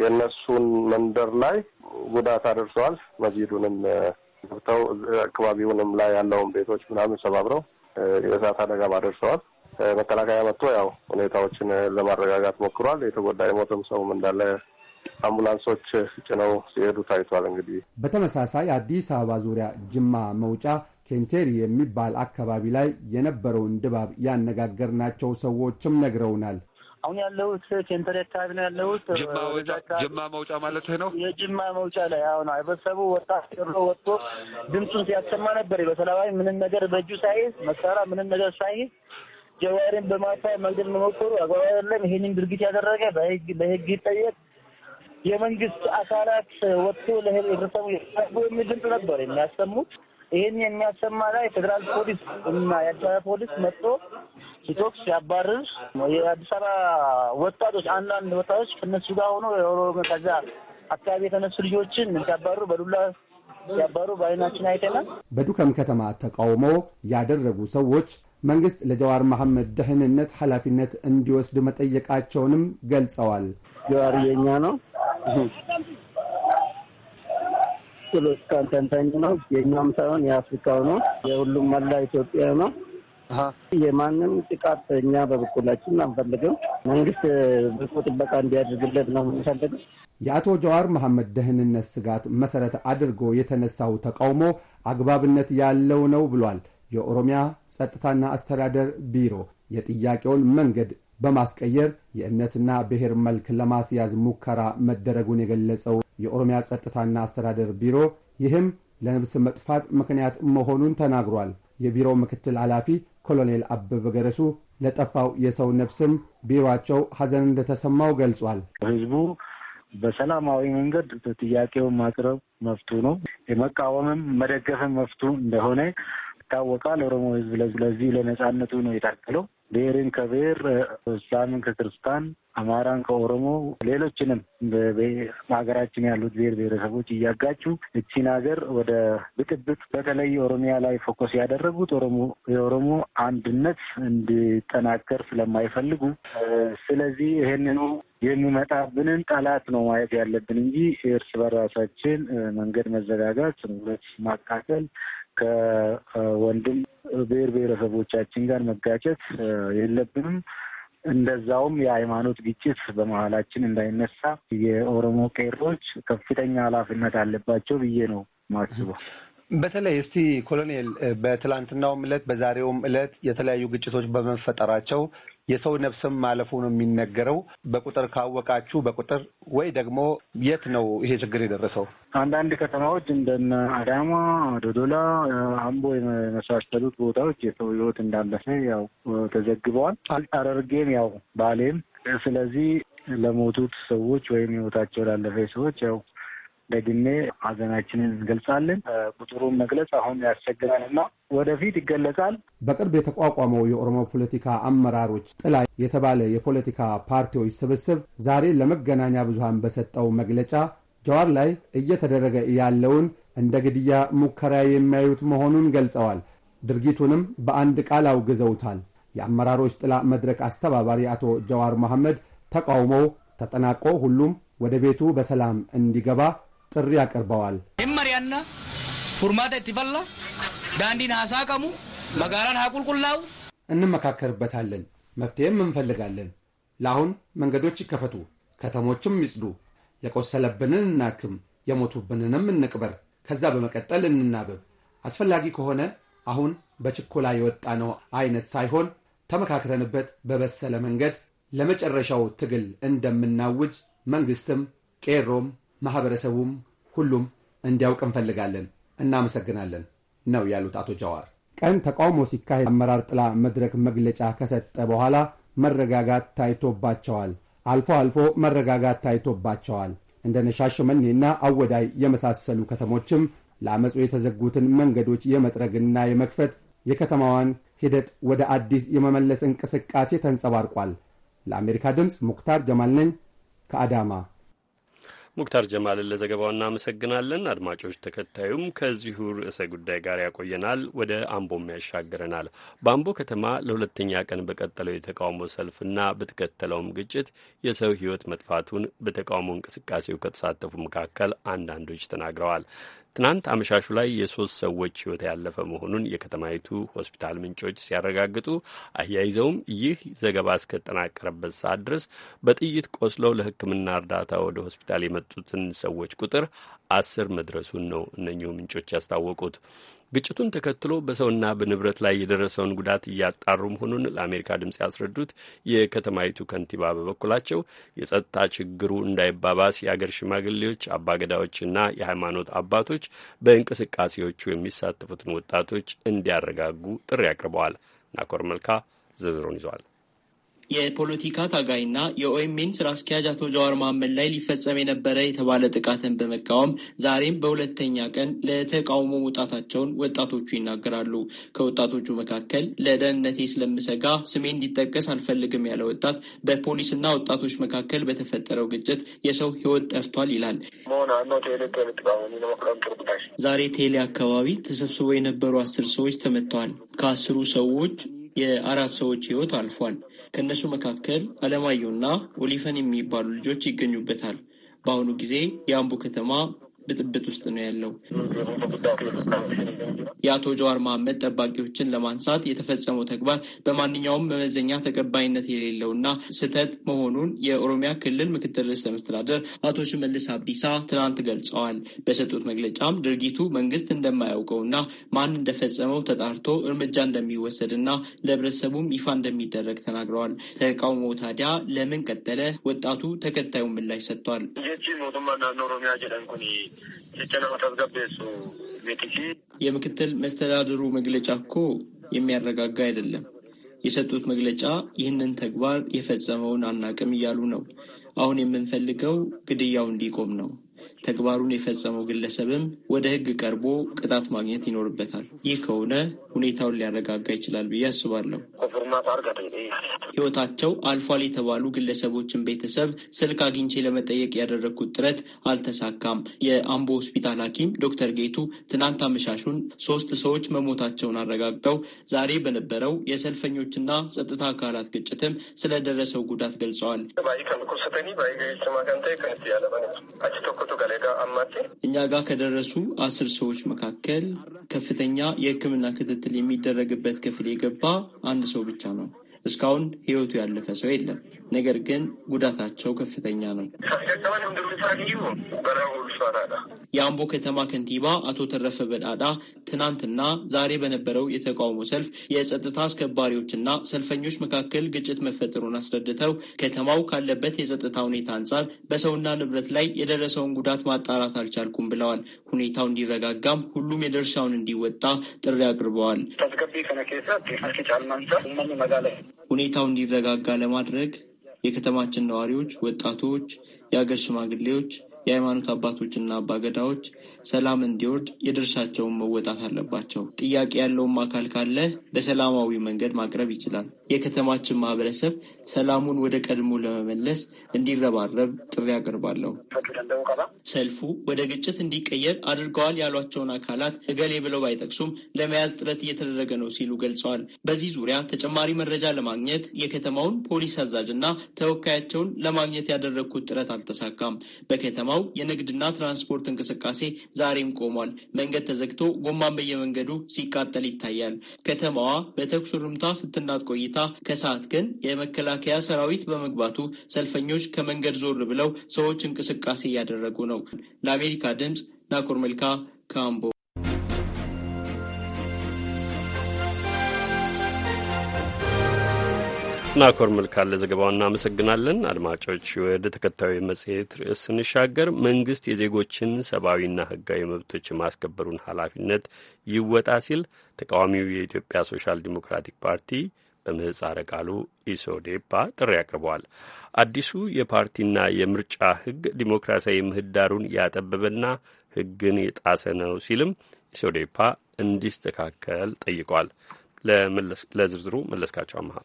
የእነሱን መንደር ላይ ጉዳት አደርሰዋል። መስጊዱንም ገብተው አካባቢውንም ላይ ያለውን ቤቶች ምናምን ሰባብረው የእሳት አደጋ አደርሰዋል። መከላከያ መጥቶ ያው ሁኔታዎችን ለማረጋጋት ሞክሯል። የተጎዳ የሞተም ሰውም እንዳለ አምቡላንሶች ጭነው ሲሄዱ ታይቷል። እንግዲህ በተመሳሳይ አዲስ አበባ ዙሪያ ጅማ መውጫ ኬንቴሪ የሚባል አካባቢ ላይ የነበረውን ድባብ ያነጋገርናቸው ሰዎችም ነግረውናል። አሁን ያለሁት ኬንተሪ አካባቢ ነው ያለሁት። ጅማ መውጫ ማለት ነው። የጅማ መውጫ ላይ አሁን አይበሰቡ ወጣ ሮ ወጥቶ ድምፁን ሲያሰማ ነበር። በሰላማዊ ምንም ነገር በእጁ ሳይዝ መሳራ ምንም ነገር ሳይዝ ጀዋሪን በማታ መግደል መሞከሩ አግባብ አይደለም። ይሄንን ድርጊት ያደረገ በህግ ይጠየቅ። የመንግስት አካላት ወጥቶ ለህብረተሰቡ የሚል ድምፅ ነበር የሚያሰሙት። ይህን የሚያሰማ ላይ ፌዴራል ፖሊስ እና የአዲስ አበባ ፖሊስ መጥቶ ሲቶክስ ሲያባርር የአዲስ አበባ ወጣቶች አንዳንድ ወጣቶች ከነሱ ጋር ሆኖ የኦሮሞ ከዛ አካባቢ የተነሱ ልጆችን ሲያባርሩ በዱላ ሲያባሩ በአይናችን አይተናል። በዱከም ከተማ ተቃውሞ ያደረጉ ሰዎች መንግስት ለጀዋር መሐመድ ደህንነት ኃላፊነት እንዲወስድ መጠየቃቸውንም ገልጸዋል። ጀዋር የኛ ነው ፖለቲካል ተንታኝ ነው። የእኛም ሳይሆን የአፍሪካው ነው። የሁሉም መላ ኢትዮጵያ ነው። የማንም ጥቃት እኛ በበኩላችን አንፈልግም። መንግስት ብቁ ጥበቃ እንዲያደርግለት ነው የምንፈልገው። የአቶ ጀዋር መሐመድ ደህንነት ስጋት መሰረት አድርጎ የተነሳው ተቃውሞ አግባብነት ያለው ነው ብሏል። የኦሮሚያ ጸጥታና አስተዳደር ቢሮ የጥያቄውን መንገድ በማስቀየር የእምነትና ብሔር መልክ ለማስያዝ ሙከራ መደረጉን የገለጸው የኦሮሚያ ጸጥታና አስተዳደር ቢሮ ይህም ለነብስ መጥፋት ምክንያት መሆኑን ተናግሯል። የቢሮው ምክትል ኃላፊ ኮሎኔል አበበ ገረሱ ለጠፋው የሰው ነብስም ቢሮቸው ሐዘን እንደተሰማው ገልጿል። ህዝቡ በሰላማዊ መንገድ ጥያቄውን ማቅረብ መፍቱ ነው። የመቃወምም መደገፍም መፍቱ እንደሆነ ይታወቃል። ኦሮሞ ህዝብ ለዚህ ለነጻነቱ ነው የታገለው። ብሔርን ከብሔር፣ እስላምን ከክርስታን፣ አማራን ከኦሮሞ፣ ሌሎችንም በሀገራችን ያሉት ብሔር ብሔረሰቦች እያጋጩ እቺን ሀገር ወደ ብጥብጥ በተለይ ኦሮሚያ ላይ ፎከስ ያደረጉት ኦሮሞ የኦሮሞ አንድነት እንዲጠናከር ስለማይፈልጉ፣ ስለዚህ ይህንኑ የሚመጣብንን ጠላት ነው ማየት ያለብን እንጂ እርስ በራሳችን መንገድ መዘጋጋት፣ ሁለት ማቃጠል ከወንድም ብሔር ብሔረሰቦቻችን ጋር መጋጨት የለብንም። እንደዛውም የሃይማኖት ግጭት በመሀላችን እንዳይነሳ የኦሮሞ ቄሮች ከፍተኛ ኃላፊነት አለባቸው ብዬ ነው ማስበው። በተለይ እስቲ ኮሎኔል በትላንትናውም ዕለት በዛሬውም እለት የተለያዩ ግጭቶች በመፈጠራቸው የሰው ነፍስም ማለፉ ነው የሚነገረው። በቁጥር ካወቃችሁ በቁጥር ወይ ደግሞ የት ነው ይሄ ችግር የደረሰው? አንዳንድ ከተማዎች እንደነ አዳማ፣ ዶዶላ፣ አምቦ የመሳሰሉት ቦታዎች የሰው ህይወት እንዳለፈ ያው ተዘግበዋል። ሐረርጌም ያው ባሌም። ስለዚህ ለሞቱት ሰዎች ወይም ህይወታቸው ላለፈ ሰዎች ያው ደግሜ ሀዘናችንን እንገልጻለን። ቁጥሩን መግለጽ አሁን ያስቸግራል እና ወደፊት ይገለጻል። በቅርብ የተቋቋመው የኦሮሞ ፖለቲካ አመራሮች ጥላ የተባለ የፖለቲካ ፓርቲዎች ስብስብ ዛሬ ለመገናኛ ብዙሃን በሰጠው መግለጫ ጀዋር ላይ እየተደረገ ያለውን እንደ ግድያ ሙከራ የሚያዩት መሆኑን ገልጸዋል። ድርጊቱንም በአንድ ቃል አውግዘውታል። የአመራሮች ጥላ መድረክ አስተባባሪ አቶ ጀዋር መሐመድ ተቃውሞው ተጠናቆ ሁሉም ወደ ቤቱ በሰላም እንዲገባ ጥሪ አቅርበዋል። መሪያና ፉርማታ ትፈላ ዳንዲን ቀሙ መጋራን ሀቁልቁላው እንመካከርበታለን። መፍትሄም እንፈልጋለን። ለአሁን መንገዶች ይከፈቱ፣ ከተሞችም ይጽዱ፣ የቆሰለብንን እናክም፣ የሞቱብንንም እንቅበር። ከዛ በመቀጠል እንናበብ። አስፈላጊ ከሆነ አሁን በችኮላ ነው አይነት ሳይሆን ተመካክረንበት በበሰለ መንገድ ለመጨረሻው ትግል እንደምናውጅ መንግስትም ቄሮም ማህበረሰቡም ሁሉም እንዲያውቅ እንፈልጋለን። እናመሰግናለን ነው ያሉት አቶ ጃዋር። ቀን ተቃውሞ ሲካሄድ አመራር ጥላ መድረክ መግለጫ ከሰጠ በኋላ መረጋጋት ታይቶባቸዋል። አልፎ አልፎ መረጋጋት ታይቶባቸዋል። እንደ ሻሸመኔና አወዳይ የመሳሰሉ ከተሞችም ለአመፁ የተዘጉትን መንገዶች የመጥረግና የመክፈት የከተማዋን ሂደት ወደ አዲስ የመመለስ እንቅስቃሴ ተንጸባርቋል። ለአሜሪካ ድምፅ ሙክታር ጀማል ነኝ ከአዳማ። ሙክታር ጀማልን ለዘገባው እናመሰግናለን። አድማጮች፣ ተከታዩም ከዚሁ ርዕሰ ጉዳይ ጋር ያቆየናል፣ ወደ አምቦም ያሻገረናል። በአምቦ ከተማ ለሁለተኛ ቀን በቀጠለው የተቃውሞ ሰልፍና በተከተለውም ግጭት የሰው ሕይወት መጥፋቱን በተቃውሞ እንቅስቃሴው ከተሳተፉ መካከል አንዳንዶች ተናግረዋል። ትናንት አመሻሹ ላይ የሶስት ሰዎች ህይወት ያለፈ መሆኑን የከተማይቱ ሆስፒታል ምንጮች ሲያረጋግጡ አያይዘውም ይህ ዘገባ እስከጠናቀረበት ሰዓት ድረስ በጥይት ቆስለው ለሕክምና እርዳታ ወደ ሆስፒታል የመጡትን ሰዎች ቁጥር አስር መድረሱን ነው እነኚሁ ምንጮች ያስታወቁት። ግጭቱን ተከትሎ በሰውና በንብረት ላይ የደረሰውን ጉዳት እያጣሩ መሆኑን ለአሜሪካ ድምፅ ያስረዱት የከተማይቱ ከንቲባ በበኩላቸው የጸጥታ ችግሩ እንዳይባባስ የአገር ሽማግሌዎች፣ አባገዳዎችና የሃይማኖት አባቶች በእንቅስቃሴዎቹ የሚሳተፉትን ወጣቶች እንዲያረጋጉ ጥሪ አቅርበዋል። ናኮር መልካ ዝርዝሩን ይዟል። የፖለቲካ ታጋይና የኦኤምኤን ስራ አስኪያጅ አቶ ጀዋር መሐመድ ላይ ሊፈጸም የነበረ የተባለ ጥቃትን በመቃወም ዛሬም በሁለተኛ ቀን ለተቃውሞ መውጣታቸውን ወጣቶቹ ይናገራሉ። ከወጣቶቹ መካከል ለደህንነቴ ስለምሰጋ ስሜ እንዲጠቀስ አልፈልግም ያለ ወጣት በፖሊስና ወጣቶች መካከል በተፈጠረው ግጭት የሰው ህይወት ጠፍቷል ይላል። ዛሬ ቴሌ አካባቢ ተሰብስበው የነበሩ አስር ሰዎች ተመተዋል። ከአስሩ ሰዎች የአራት ሰዎች ህይወት አልፏል። ከእነሱ መካከል አለማየሁና ኦሊፈን የሚባሉ ልጆች ይገኙበታል። በአሁኑ ጊዜ የአምቦ ከተማ ብጥብጥ ውስጥ ነው ያለው። የአቶ ጀዋር መሐመድ ጠባቂዎችን ለማንሳት የተፈጸመው ተግባር በማንኛውም መመዘኛ ተቀባይነት እና ስህተት መሆኑን የኦሮሚያ ክልል ምክትል ርዕሰ መስተዳደር አቶ ሽመልስ አብዲሳ ትናንት ገልጸዋል። በሰጡት መግለጫም ድርጊቱ መንግስት እንደማያውቀው እና ማን እንደፈጸመው ተጣርቶ እርምጃ እንደሚወሰድ እና ለህብረተሰቡም ይፋ እንደሚደረግ ተናግረዋል። ተቃውሞ ታዲያ ለምን ቀጠለ? ወጣቱ ተከታዩን ምላሽ ሰጥቷል። የምክትል መስተዳድሩ መግለጫ እኮ የሚያረጋጋ አይደለም። የሰጡት መግለጫ ይህንን ተግባር የፈጸመውን አናቅም እያሉ ነው። አሁን የምንፈልገው ግድያው እንዲቆም ነው። ተግባሩን የፈጸመው ግለሰብም ወደ ህግ ቀርቦ ቅጣት ማግኘት ይኖርበታል። ይህ ከሆነ ሁኔታውን ሊያረጋጋ ይችላል ብዬ አስባለሁ። ህይወታቸው አልፏል የተባሉ ግለሰቦችን ቤተሰብ ስልክ አግኝቼ ለመጠየቅ ያደረግኩት ጥረት አልተሳካም። የአምቦ ሆስፒታል ሐኪም ዶክተር ጌቱ ትናንት አመሻሹን ሶስት ሰዎች መሞታቸውን አረጋግጠው ዛሬ በነበረው የሰልፈኞችና ጸጥታ አካላት ግጭትም ስለደረሰው ጉዳት ገልጸዋል። ሰሌዳ አማቴ እኛ ጋር ከደረሱ አስር ሰዎች መካከል ከፍተኛ የሕክምና ክትትል የሚደረግበት ክፍል የገባ አንድ ሰው ብቻ ነው። እስካሁን ህይወቱ ያለፈ ሰው የለም። ነገር ግን ጉዳታቸው ከፍተኛ ነው። የአምቦ ከተማ ከንቲባ አቶ ተረፈ በዳዳ ትናንትና ዛሬ በነበረው የተቃውሞ ሰልፍ የጸጥታ አስከባሪዎችና ሰልፈኞች መካከል ግጭት መፈጠሩን አስረድተው ከተማው ካለበት የጸጥታ ሁኔታ አንጻር በሰውና ንብረት ላይ የደረሰውን ጉዳት ማጣራት አልቻልኩም ብለዋል። ሁኔታው እንዲረጋጋም ሁሉም የድርሻውን እንዲወጣ ጥሪ አቅርበዋል። ሁኔታው እንዲረጋጋ ለማድረግ የከተማችን ነዋሪዎች፣ ወጣቶች፣ የአገር ሽማግሌዎች፣ የሃይማኖት አባቶችና አባገዳዎች ሰላም እንዲወርድ የድርሻቸውን መወጣት አለባቸው። ጥያቄ ያለውም አካል ካለ በሰላማዊ መንገድ ማቅረብ ይችላል። የከተማችን ማህበረሰብ ሰላሙን ወደ ቀድሞ ለመመለስ እንዲረባረብ ጥሪ አቀርባለሁ። ሰልፉ ወደ ግጭት እንዲቀየር አድርገዋል ያሏቸውን አካላት እገሌ ብለው ባይጠቅሱም ለመያዝ ጥረት እየተደረገ ነው ሲሉ ገልጸዋል። በዚህ ዙሪያ ተጨማሪ መረጃ ለማግኘት የከተማውን ፖሊስ አዛዥ እና ተወካያቸውን ለማግኘት ያደረግኩት ጥረት አልተሳካም። በከተማው የንግድና ትራንስፖርት እንቅስቃሴ ዛሬም ቆሟል። መንገድ ተዘግቶ ጎማን በየመንገዱ ሲቃጠል ይታያል። ከተማዋ በተኩስ ርምታ ስትናጥ ቆይታ ሲመታ ከሰዓት ግን የመከላከያ ሰራዊት በመግባቱ ሰልፈኞች ከመንገድ ዞር ብለው ሰዎች እንቅስቃሴ እያደረጉ ነው። ለአሜሪካ ድምፅ ናኮር መልካ ካምቦ። ናኮር መልካ ለዘገባው እናመሰግናለን። አድማጮች ወደ ተከታዩ መጽሔት ርዕስ ስንሻገር መንግስት የዜጎችን ሰብአዊና ህጋዊ መብቶች የማስከበሩን ኃላፊነት ይወጣ ሲል ተቃዋሚው የኢትዮጵያ ሶሻል ዲሞክራቲክ ፓርቲ በምህፃረ ቃሉ ኢሶዴፓ ጥሪ አቅርበዋል። አዲሱ የፓርቲና የምርጫ ህግ ዲሞክራሲያዊ ምህዳሩን ያጠበበና ህግን የጣሰ ነው ሲልም ኢሶዴፓ እንዲስተካከል ጠይቋል። ለዝርዝሩ መለስካቸው አመሃ።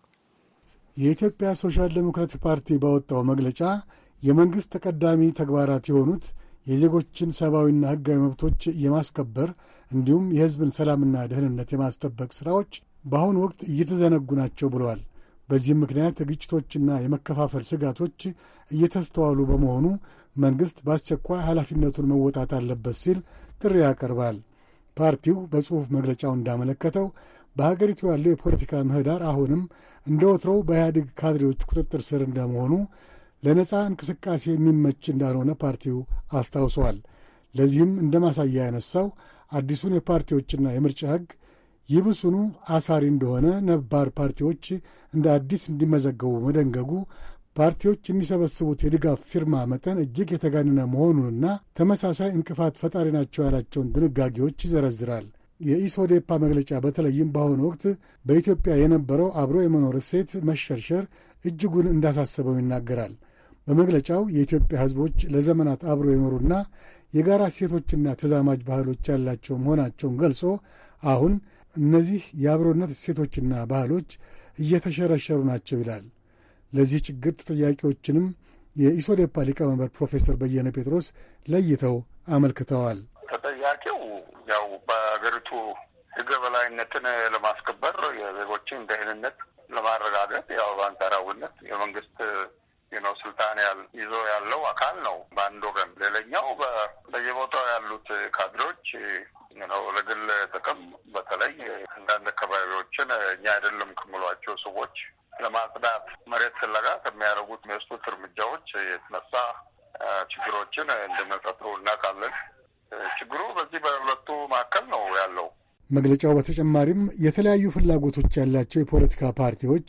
የኢትዮጵያ ሶሻል ዴሞክራቲክ ፓርቲ ባወጣው መግለጫ የመንግሥት ተቀዳሚ ተግባራት የሆኑት የዜጎችን ሰብአዊና ህጋዊ መብቶች የማስከበር እንዲሁም የህዝብን ሰላምና ደህንነት የማስጠበቅ ሥራዎች በአሁኑ ወቅት እየተዘነጉ ናቸው ብለዋል። በዚህም ምክንያት የግጭቶችና የመከፋፈል ስጋቶች እየተስተዋሉ በመሆኑ መንግሥት በአስቸኳይ ኃላፊነቱን መወጣት አለበት ሲል ጥሪ ያቀርባል። ፓርቲው በጽሑፍ መግለጫው እንዳመለከተው በሀገሪቱ ያለው የፖለቲካ ምህዳር አሁንም እንደ ወትሮው በኢህአዴግ ካድሬዎች ቁጥጥር ስር እንደመሆኑ ለነፃ እንቅስቃሴ የሚመች እንዳልሆነ ፓርቲው አስታውሰዋል። ለዚህም እንደ ማሳያ ያነሳው አዲሱን የፓርቲዎችና የምርጫ ሕግ ይብሱኑ አሳሪ እንደሆነ ነባር ፓርቲዎች እንደ አዲስ እንዲመዘገቡ መደንገጉ ፓርቲዎች የሚሰበስቡት የድጋፍ ፊርማ መጠን እጅግ የተጋነነ መሆኑንና ተመሳሳይ እንቅፋት ፈጣሪ ናቸው ያላቸውን ድንጋጌዎች ይዘረዝራል። የኢሶዴፓ መግለጫ በተለይም በአሁኑ ወቅት በኢትዮጵያ የነበረው አብሮ የመኖር እሴት መሸርሸር እጅጉን እንዳሳሰበው ይናገራል። በመግለጫው የኢትዮጵያ ሕዝቦች ለዘመናት አብሮ የኖሩና የጋራ እሴቶችና ተዛማጅ ባህሎች ያላቸው መሆናቸውን ገልጾ አሁን እነዚህ የአብሮነት እሴቶችና ባህሎች እየተሸረሸሩ ናቸው ይላል። ለዚህ ችግር ተጠያቂዎችንም የኢሶዴፓ ሊቀመንበር ፕሮፌሰር በየነ ጴጥሮስ ለይተው አመልክተዋል። ተጠያቂው ያው በሀገሪቱ ሕገ በላይነትን ለማስከበር የዜጎችን ደህንነት ለማረጋገጥ ያው በአንጻራዊነት የመንግስት ነው ስልጣን ይዞ ያለው አካል ነው በአንድ ወገን፣ ሌላኛው በየቦታው ያሉት ካድሮች ነው። ለግል ጥቅም በተለይ አንዳንድ አካባቢዎችን እኛ አይደለም ከምሏቸው ሰዎች ለማጽዳት መሬት ፍለጋ ከሚያደርጉት የሚወስዱት እርምጃዎች የተነሳ ችግሮችን እንደሚፈጥሩ እናውቃለን። ችግሩ በዚህ በሁለቱ መካከል ነው ያለው። መግለጫው በተጨማሪም የተለያዩ ፍላጎቶች ያላቸው የፖለቲካ ፓርቲዎች፣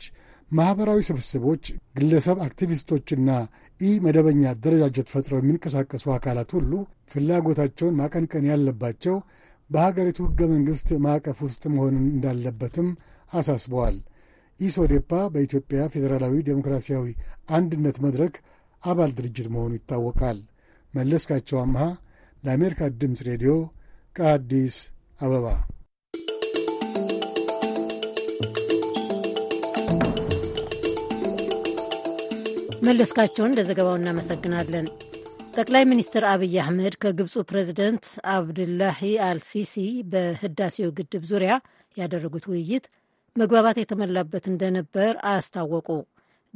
ማኅበራዊ ስብስቦች፣ ግለሰብ አክቲቪስቶችና ኢ መደበኛ አደረጃጀት ፈጥረው የሚንቀሳቀሱ አካላት ሁሉ ፍላጎታቸውን ማቀንቀን ያለባቸው በሀገሪቱ ሕገ መንግሥት ማዕቀፍ ውስጥ መሆን እንዳለበትም አሳስበዋል። ኢሶዴፓ በኢትዮጵያ ፌዴራላዊ ዴሞክራሲያዊ አንድነት መድረክ አባል ድርጅት መሆኑ ይታወቃል። መለስካቸው አምሃ ለአሜሪካ ድምፅ ሬዲዮ ከአዲስ አበባ። መለስካቸውን ዘገባው እናመሰግናለን። ጠቅላይ ሚኒስትር አብይ አህመድ ከግብፁ ፕሬዚደንት አብድላሂ አልሲሲ በህዳሴው ግድብ ዙሪያ ያደረጉት ውይይት መግባባት የተሞላበት እንደነበር አስታወቁ።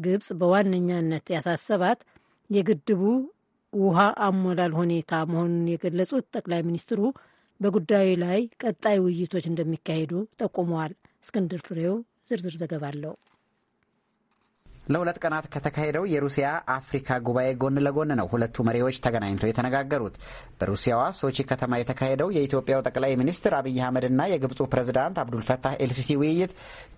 ግብፅ በዋነኛነት ያሳሰባት የግድቡ ውሃ አሞላል ሁኔታ መሆኑን የገለጹት ጠቅላይ ሚኒስትሩ በጉዳዩ ላይ ቀጣይ ውይይቶች እንደሚካሄዱ ጠቁመዋል። እስክንድር ፍሬው ዝርዝር ዘገባ አለው። ለሁለት ቀናት ከተካሄደው የሩሲያ አፍሪካ ጉባኤ ጎን ለጎን ነው ሁለቱ መሪዎች ተገናኝተው የተነጋገሩት። በሩሲያዋ ሶቺ ከተማ የተካሄደው የኢትዮጵያው ጠቅላይ ሚኒስትር አብይ አህመድና የግብፁ ፕሬዝዳንት አብዱልፈታህ ኤልሲሲ ውይይት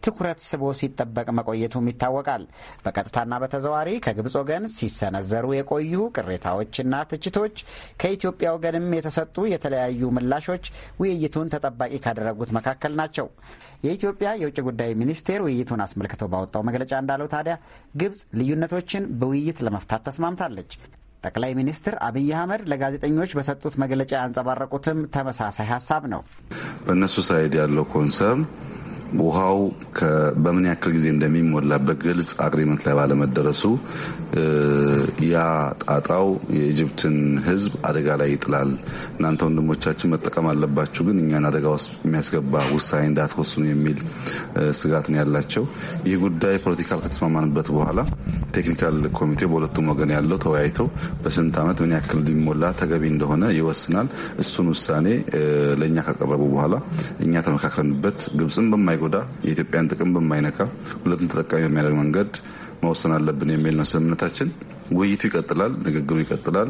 ትኩረት ስቦ ሲጠበቅ መቆየቱም ይታወቃል። በቀጥታና በተዘዋሪ ከግብፅ ወገን ሲሰነዘሩ የቆዩ ቅሬታዎችና ትችቶች፣ ከኢትዮጵያ ወገንም የተሰጡ የተለያዩ ምላሾች ውይይቱን ተጠባቂ ካደረጉት መካከል ናቸው። የኢትዮጵያ የውጭ ጉዳይ ሚኒስቴር ውይይቱን አስመልክቶ ባወጣው መግለጫ እንዳለው ታዲያ ግብጽ ልዩነቶችን በውይይት ለመፍታት ተስማምታለች። ጠቅላይ ሚኒስትር አብይ አህመድ ለጋዜጠኞች በሰጡት መግለጫ ያንጸባረቁትም ተመሳሳይ ሀሳብ ነው። በእነሱ ሳይድ ያለው ኮንሰርን ውሃው በምን ያክል ጊዜ እንደሚሞላ በግልጽ አግሪመንት ላይ ባለመደረሱ ያ ጣጣው የኢጅፕትን ሕዝብ አደጋ ላይ ይጥላል። እናንተ ወንድሞቻችን መጠቀም አለባችሁ፣ ግን እኛን አደጋ ውስጥ የሚያስገባ ውሳኔ እንዳትወስኑ የሚል ስጋት ነው ያላቸው። ይህ ጉዳይ ፖለቲካል ከተስማማንበት በኋላ ቴክኒካል ኮሚቴ በሁለቱም ወገን ያለው ተወያይተው በስንት ዓመት ምን ያክል እንዲሞላ ተገቢ እንደሆነ ይወስናል። እሱን ውሳኔ ለእኛ ካቀረቡ በኋላ እኛ ተመካክረንበት ግብጽም በማይ በማይጎዳ የኢትዮጵያን ጥቅም በማይነካ ሁለቱን ተጠቃሚ በሚያደርግ መንገድ መወሰን አለብን የሚል ነው ስምምነታችን። ውይይቱ ይቀጥላል፣ ንግግሩ ይቀጥላል።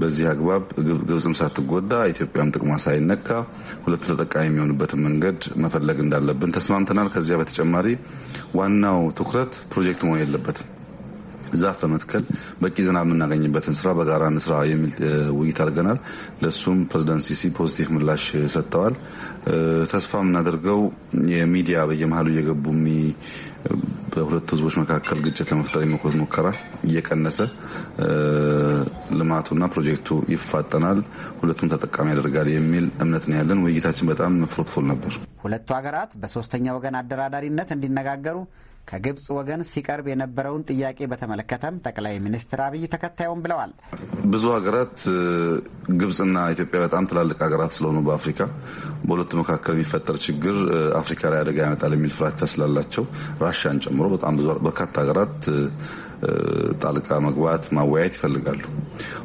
በዚህ አግባብ ግብጽም ሳትጎዳ ኢትዮጵያም ጥቅሟ ሳይነካ ሁለቱ ተጠቃሚ የሚሆንበትን መንገድ መፈለግ እንዳለብን ተስማምተናል። ከዚያ በተጨማሪ ዋናው ትኩረት ፕሮጀክት መሆን የለበትም ዛፍ በመትከል በቂ ዝናብ የምናገኝበትን ስራ በጋራ እንስራ የሚል ውይይት አድርገናል። ለእሱም ፕሬዚዳንት ሲሲ ፖዚቲቭ ምላሽ ሰጥተዋል። ተስፋ የምናደርገው የሚዲያ በየመሀሉ እየገቡ በሁለቱ ህዝቦች መካከል ግጭት ለመፍጠር የሞክሩት ሙከራ እየቀነሰ ልማቱና ፕሮጀክቱ ይፋጠናል፣ ሁለቱም ተጠቃሚ ያደርጋል የሚል እምነት ነው ያለን። ውይይታችን በጣም ፍሩትፉል ነበር። ሁለቱ ሀገራት በሶስተኛ ወገን አደራዳሪነት እንዲነጋገሩ ከግብፅ ወገን ሲቀርብ የነበረውን ጥያቄ በተመለከተም ጠቅላይ ሚኒስትር አብይ ተከታዩም ብለዋል። ብዙ ሀገራት ግብፅና ኢትዮጵያ በጣም ትላልቅ ሀገራት ስለሆኑ በአፍሪካ በሁለቱ መካከል የሚፈጠር ችግር አፍሪካ ላይ አደጋ ያመጣል የሚል ፍራቻ ስላላቸው ራሽያን ጨምሮ በጣም ብዙ በርካታ ሀገራት ጣልቃ መግባት ማወያየት ይፈልጋሉ።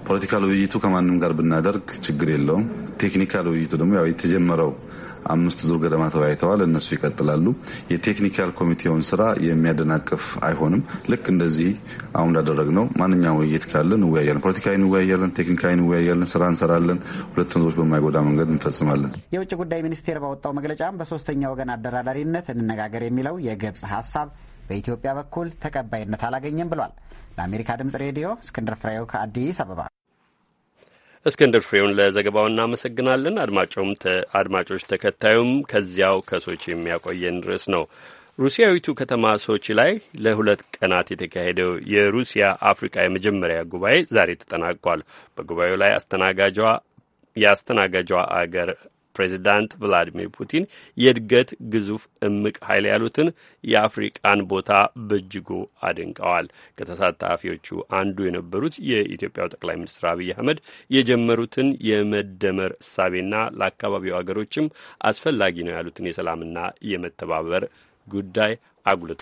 ፖለቲካል ውይይቱ ከማንም ጋር ብናደርግ ችግር የለውም። ቴክኒካል ውይይቱ ደግሞ ያው የተጀመረው አምስት ዙር ገደማ ተወያይተዋል። እነሱ ይቀጥላሉ። የቴክኒካል ኮሚቴውን ስራ የሚያደናቅፍ አይሆንም። ልክ እንደዚህ አሁን ነው። ማንኛውም ውይይት ካለ እንወያያለን። ፖለቲካዊ እንወያያለን፣ ቴክኒካዊ እንወያያለን፣ ስራ እንሰራለን። ሁለቱን ዙሮች በማይጎዳ መንገድ እንፈጽማለን። የውጭ ጉዳይ ሚኒስቴር ባወጣው መግለጫም በሶስተኛ ወገን አደራዳሪነት እንነጋገር የሚለው የግብጽ ሀሳብ በኢትዮጵያ በኩል ተቀባይነት አላገኘም ብሏል። ለአሜሪካ ድምጽ ሬዲዮ እስክንድር ፍሬው ከአዲስ አበባ እስክንድር ፍሬውን ለዘገባው እናመሰግናለን። አድማጮም አድማጮች ተከታዩም ከዚያው ከሶቺ የሚያቆየን ርዕስ ነው። ሩሲያዊቱ ከተማ ሶቺ ላይ ለሁለት ቀናት የተካሄደው የሩሲያ አፍሪቃ የመጀመሪያ ጉባኤ ዛሬ ተጠናቋል። በጉባኤው ላይ አስተናጋጇ የአስተናጋጇ አገር ፕሬዚዳንት ቭላዲሚር ፑቲን የእድገት ግዙፍ እምቅ ኃይል ያሉትን የአፍሪቃን ቦታ በእጅጉ አድንቀዋል። ከተሳታፊዎቹ አንዱ የነበሩት የኢትዮጵያው ጠቅላይ ሚኒስትር አብይ አህመድ የጀመሩትን የመደመር እሳቤና ለአካባቢው ሀገሮችም አስፈላጊ ነው ያሉትን የሰላምና የመተባበር ጉዳይ አጉልቶ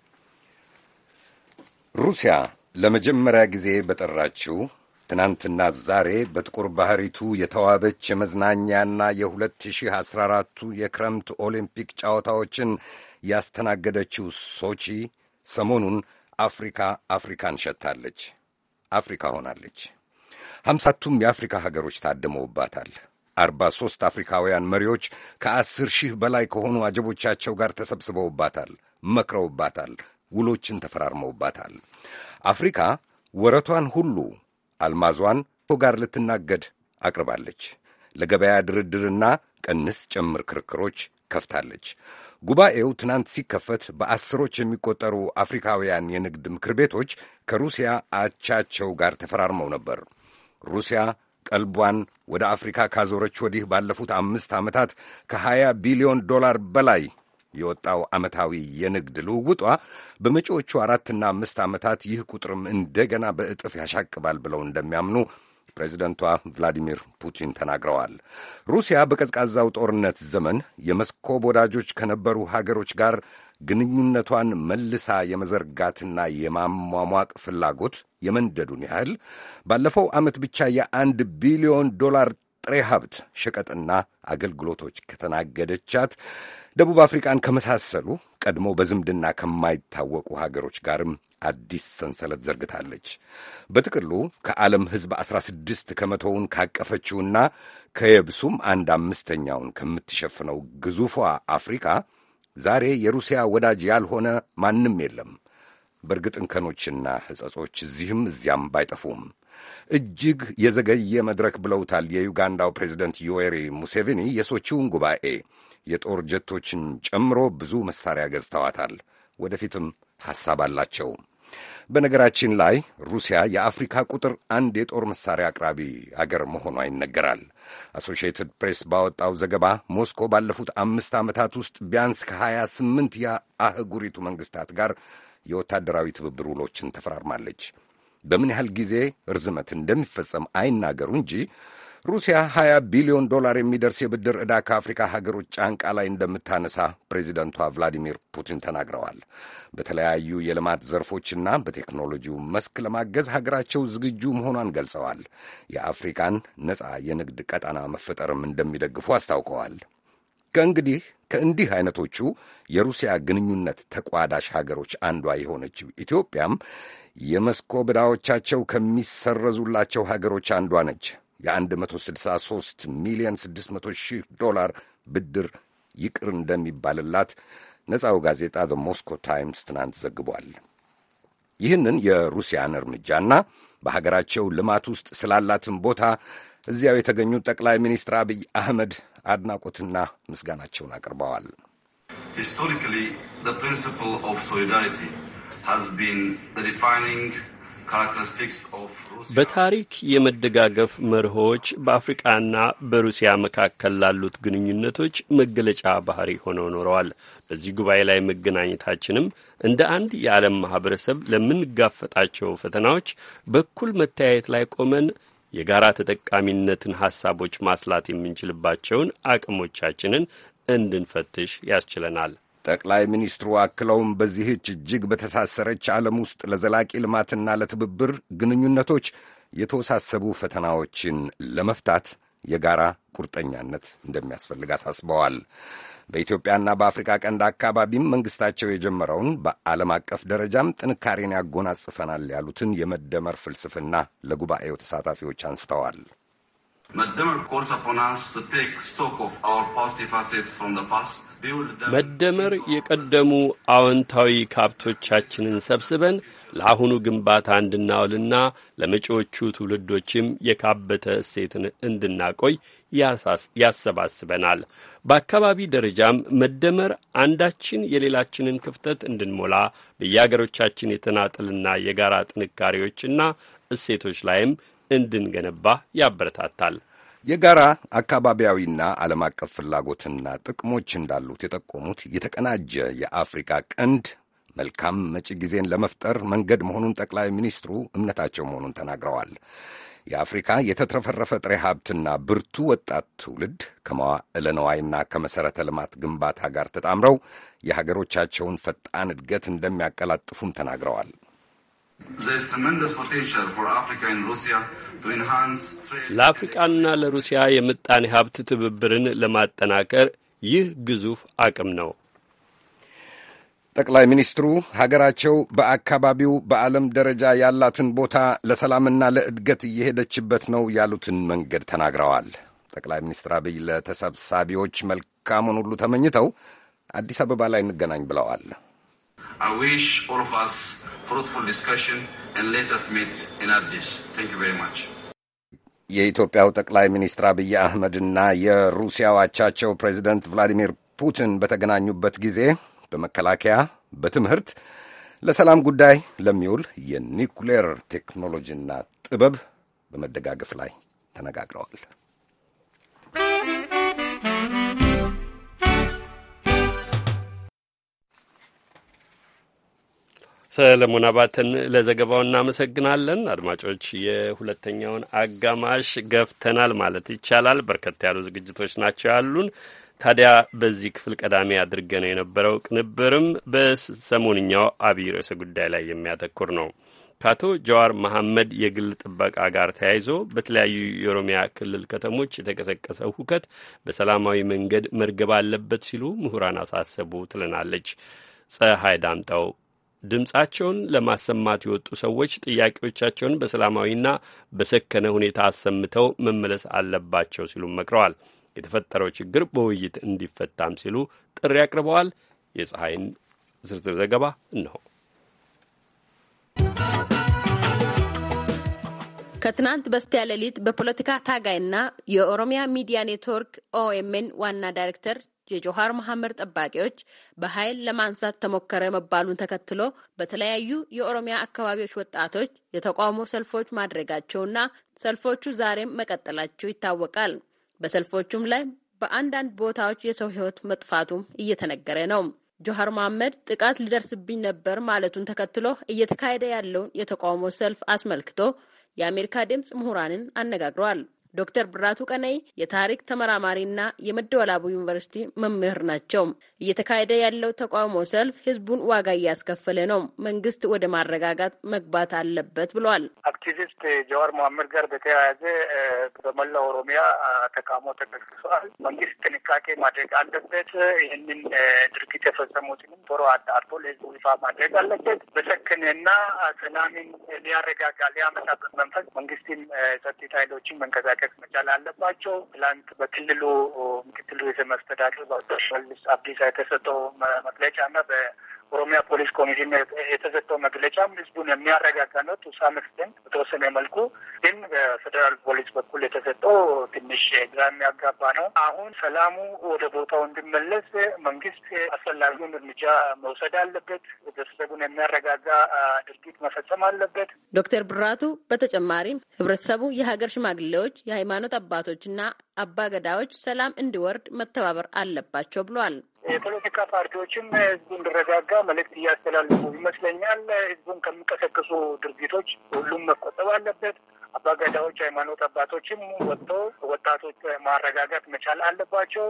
ሩሲያ ለመጀመሪያ ጊዜ በጠራችው ትናንትና ዛሬ በጥቁር ባህሪቱ የተዋበች የመዝናኛና የ2014ቱ የክረምት ኦሊምፒክ ጨዋታዎችን ያስተናገደችው ሶቺ ሰሞኑን አፍሪካ አፍሪካን ሸታለች። አፍሪካ ሆናለች። ሀምሳቱም የአፍሪካ ሀገሮች ታድመውባታል። አርባ ሦስት አፍሪካውያን መሪዎች ከአስር ሺህ በላይ ከሆኑ አጀቦቻቸው ጋር ተሰብስበውባታል፣ መክረውባታል፣ ውሎችን ተፈራርመውባታል። አፍሪካ ወረቷን ሁሉ አልማዟን ሆጋር ልትናገድ አቅርባለች። ለገበያ ድርድርና ቀንስ ጨምር ክርክሮች ከፍታለች። ጉባኤው ትናንት ሲከፈት በአስሮች የሚቆጠሩ አፍሪካውያን የንግድ ምክር ቤቶች ከሩሲያ አቻቸው ጋር ተፈራርመው ነበር። ሩሲያ ቀልቧን ወደ አፍሪካ ካዞረች ወዲህ ባለፉት አምስት ዓመታት ከ20 ቢሊዮን ዶላር በላይ የወጣው ዓመታዊ የንግድ ልውውጧ በመጪዎቹ አራትና አምስት ዓመታት ይህ ቁጥርም እንደገና በእጥፍ ያሻቅባል ብለው እንደሚያምኑ ፕሬዚደንቷ ቭላዲሚር ፑቲን ተናግረዋል። ሩሲያ በቀዝቃዛው ጦርነት ዘመን የመስኮብ ወዳጆች ከነበሩ ሀገሮች ጋር ግንኙነቷን መልሳ የመዘርጋትና የማሟሟቅ ፍላጎት የመንደዱን ያህል ባለፈው ዓመት ብቻ የአንድ ቢሊዮን ዶላር ጥሬ ሀብት ሸቀጥና አገልግሎቶች ከተናገደቻት ደቡብ አፍሪቃን ከመሳሰሉ ቀድሞ በዝምድና ከማይታወቁ ሀገሮች ጋርም አዲስ ሰንሰለት ዘርግታለች። በጥቅሉ ከዓለም ሕዝብ 16 ከመቶውን ካቀፈችውና ከየብሱም አንድ አምስተኛውን ከምትሸፍነው ግዙፏ አፍሪካ ዛሬ የሩሲያ ወዳጅ ያልሆነ ማንም የለም። በእርግጥ እንከኖችና ሕጸጾች እዚህም እዚያም ባይጠፉም እጅግ የዘገየ መድረክ ብለውታል። የዩጋንዳው ፕሬዚደንት ዮዌሪ ሙሴቪኒ የሶቺውን ጉባኤ የጦር ጀቶችን ጨምሮ ብዙ መሳሪያ ገዝተዋታል። ወደፊትም ሐሳብ አላቸው። በነገራችን ላይ ሩሲያ የአፍሪካ ቁጥር አንድ የጦር መሳሪያ አቅራቢ አገር መሆኗ ይነገራል። አሶሺየትድ ፕሬስ ባወጣው ዘገባ ሞስኮ ባለፉት አምስት ዓመታት ውስጥ ቢያንስ ከሀያ ስምንት የአህጉሪቱ መንግሥታት ጋር የወታደራዊ ትብብር ውሎችን ተፈራርማለች። በምን ያህል ጊዜ ርዝመት እንደሚፈጸም አይናገሩ እንጂ ሩሲያ 20 ቢሊዮን ዶላር የሚደርስ የብድር ዕዳ ከአፍሪካ ሀገሮች ጫንቃ ላይ እንደምታነሳ ፕሬዚደንቷ ቭላዲሚር ፑቲን ተናግረዋል። በተለያዩ የልማት ዘርፎችና በቴክኖሎጂው መስክ ለማገዝ ሀገራቸው ዝግጁ መሆኗን ገልጸዋል። የአፍሪካን ነፃ የንግድ ቀጠና መፈጠርም እንደሚደግፉ አስታውቀዋል። ከእንግዲህ ከእንዲህ አይነቶቹ የሩሲያ ግንኙነት ተቋዳሽ ሀገሮች አንዷ የሆነችው ኢትዮጵያም የመስኮ ብዳዎቻቸው ከሚሰረዙላቸው ሀገሮች አንዷ ነች። የ163 ሚሊዮን 600 ሺህ ዶላር ብድር ይቅር እንደሚባልላት ነፃው ጋዜጣ ዘ ሞስኮ ታይምስ ትናንት ዘግቧል። ይህንን የሩሲያን እርምጃና በሀገራቸው ልማት ውስጥ ስላላትን ቦታ እዚያው የተገኙት ጠቅላይ ሚኒስትር አብይ አህመድ አድናቆትና ምስጋናቸውን አቅርበዋል። በታሪክ የመደጋገፍ መርሆች በአፍሪቃና በሩሲያ መካከል ላሉት ግንኙነቶች መገለጫ ባህሪ ሆነው ኖረዋል። በዚህ ጉባኤ ላይ መገናኘታችንም እንደ አንድ የዓለም ማህበረሰብ ለምንጋፈጣቸው ፈተናዎች በኩል መተያየት ላይ ቆመን የጋራ ተጠቃሚነትን ሀሳቦች ማስላት የምንችልባቸውን አቅሞቻችንን እንድንፈትሽ ያስችለናል። ጠቅላይ ሚኒስትሩ አክለውም በዚህች እጅግ በተሳሰረች ዓለም ውስጥ ለዘላቂ ልማትና ለትብብር ግንኙነቶች የተወሳሰቡ ፈተናዎችን ለመፍታት የጋራ ቁርጠኛነት እንደሚያስፈልግ አሳስበዋል። በኢትዮጵያና በአፍሪካ ቀንድ አካባቢም መንግሥታቸው የጀመረውን በዓለም አቀፍ ደረጃም ጥንካሬን ያጎናጽፈናል ያሉትን የመደመር ፍልስፍና ለጉባኤው ተሳታፊዎች አንስተዋል። መደመር የቀደሙ አዎንታዊ ካብቶቻችንን ሰብስበን ለአሁኑ ግንባታ እንድናውልና ለመጪዎቹ ትውልዶችም የካበተ እሴትን እንድናቆይ ያሰባስበናል። በአካባቢ ደረጃም መደመር አንዳችን የሌላችንን ክፍተት እንድንሞላ በየአገሮቻችን የተናጠልና የጋራ ጥንካሬዎችና እሴቶች ላይም እንድንገነባ ያበረታታል። የጋራ አካባቢያዊና ዓለም አቀፍ ፍላጎትና ጥቅሞች እንዳሉት የጠቆሙት የተቀናጀ የአፍሪካ ቀንድ መልካም መጪ ጊዜን ለመፍጠር መንገድ መሆኑን ጠቅላይ ሚኒስትሩ እምነታቸው መሆኑን ተናግረዋል። የአፍሪካ የተትረፈረፈ ጥሬ ሀብትና ብርቱ ወጣት ትውልድ ከመዋዕለ ነዋይና ከመሠረተ ልማት ግንባታ ጋር ተጣምረው የሀገሮቻቸውን ፈጣን እድገት እንደሚያቀላጥፉም ተናግረዋል። ለአፍሪቃና ለሩሲያ የምጣኔ ሀብት ትብብርን ለማጠናከር ይህ ግዙፍ አቅም ነው። ጠቅላይ ሚኒስትሩ ሀገራቸው በአካባቢው በዓለም ደረጃ ያላትን ቦታ ለሰላምና ለእድገት እየሄደችበት ነው ያሉትን መንገድ ተናግረዋል። ጠቅላይ ሚኒስትር አብይ ለተሰብሳቢዎች መልካሙን ሁሉ ተመኝተው አዲስ አበባ ላይ እንገናኝ ብለዋል። fruitful discussion and let us meet in Addis. Thank you very much. የኢትዮጵያው ጠቅላይ ሚኒስትር አብይ አህመድና የሩሲያው አቻቸው ፕሬዚደንት ቭላዲሚር ፑቲን በተገናኙበት ጊዜ በመከላከያ፣ በትምህርት፣ ለሰላም ጉዳይ ለሚውል የኒውክሌር ቴክኖሎጂና ጥበብ በመደጋገፍ ላይ ተነጋግረዋል። ሰለሞን አባተን ለዘገባው እናመሰግናለን። አድማጮች የሁለተኛውን አጋማሽ ገፍተናል ማለት ይቻላል። በርከት ያሉ ዝግጅቶች ናቸው ያሉን። ታዲያ በዚህ ክፍል ቀዳሚ አድርገን የነበረው ቅንብርም በሰሞንኛው አብይ ርዕሰ ጉዳይ ላይ የሚያተኩር ነው። ከአቶ ጀዋር መሐመድ የግል ጥበቃ ጋር ተያይዞ በተለያዩ የኦሮሚያ ክልል ከተሞች የተቀሰቀሰው ሁከት በሰላማዊ መንገድ መርገብ አለበት ሲሉ ምሁራን አሳሰቡ ትለናለች ፀሐይ ዳምጠው ድምፃቸውን ለማሰማት የወጡ ሰዎች ጥያቄዎቻቸውን በሰላማዊና በሰከነ ሁኔታ አሰምተው መመለስ አለባቸው ሲሉም መክረዋል። የተፈጠረው ችግር በውይይት እንዲፈታም ሲሉ ጥሪ አቅርበዋል። የፀሐይን ዝርዝር ዘገባ እንሆ። ከትናንት በስቲያ ሌሊት በፖለቲካ ታጋይና የኦሮሚያ ሚዲያ ኔትወርክ ኦኤምኤን ዋና ዳይሬክተር የጆሃር መሐመድ ጠባቂዎች በኃይል ለማንሳት ተሞከረ መባሉን ተከትሎ በተለያዩ የኦሮሚያ አካባቢዎች ወጣቶች የተቃውሞ ሰልፎች ማድረጋቸውና ሰልፎቹ ዛሬም መቀጠላቸው ይታወቃል። በሰልፎቹም ላይ በአንዳንድ ቦታዎች የሰው ሕይወት መጥፋቱም እየተነገረ ነው። ጆሃር መሐመድ ጥቃት ሊደርስብኝ ነበር ማለቱን ተከትሎ እየተካሄደ ያለውን የተቃውሞ ሰልፍ አስመልክቶ የአሜሪካ ድምፅ ምሁራንን አነጋግረዋል። ዶክተር ብራቱ ቀነይ የታሪክ ተመራማሪና የመደወላቡ ዩኒቨርሲቲ መምህር ናቸው። እየተካሄደ ያለው ተቃውሞ ሰልፍ ህዝቡን ዋጋ እያስከፈለ ነው፣ መንግስት ወደ ማረጋጋት መግባት አለበት ብሏል። አክቲቪስት ጀዋር መሀመድ ጋር በተያያዘ በመላ ኦሮሚያ ተቃውሞ ተቀስቅሷል። መንግስት ጥንቃቄ ማድረግ አለበት። ይህንን ድርጊት የፈጸሙትንም ቶሮ አጣርቶ ለህዝቡ ይፋ ማድረግ አለበት። በሰከነና ሰላምን ሊያረጋጋ ሊያመጣበት መንፈስ መንግስትም ጸጥታ ኃይሎችን መንቀሳቀስ ማድረግ መቻል አለባቸው። ትላንት በክልሉ ምክትሉ ርዕሰ መስተዳድር በሽመልስ አብዲሳ የተሰጠው መግለጫና ኦሮሚያ ፖሊስ ኮሚሽን የተሰጠው መግለጫም ህዝቡን የሚያረጋጋ ነው። ቱሳ ምክትን በተወሰነ መልኩ ግን በፌዴራል ፖሊስ በኩል የተሰጠው ትንሽ ግራ የሚያጋባ ነው። አሁን ሰላሙ ወደ ቦታው እንዲመለስ መንግስት አስፈላጊውን እርምጃ መውሰድ አለበት። ህብረተሰቡን የሚያረጋጋ ድርጊት መፈጸም አለበት። ዶክተር ብራቱ በተጨማሪም ህብረተሰቡ የሀገር ሽማግሌዎች፣ የሃይማኖት አባቶችና አባገዳዎች ሰላም እንዲወርድ መተባበር አለባቸው ብሏል። የፖለቲካ ፓርቲዎችም ህዝቡ እንዲረጋጋ መልእክት እያስተላልፉ ይመስለኛል። ህዝቡን ከሚቀሰቅሱ ድርጊቶች ሁሉም መቆጠብ አለበት። አባገዳዎች፣ ሃይማኖት አባቶችም ወጥቶ ወጣቶች ማረጋጋት መቻል አለባቸው።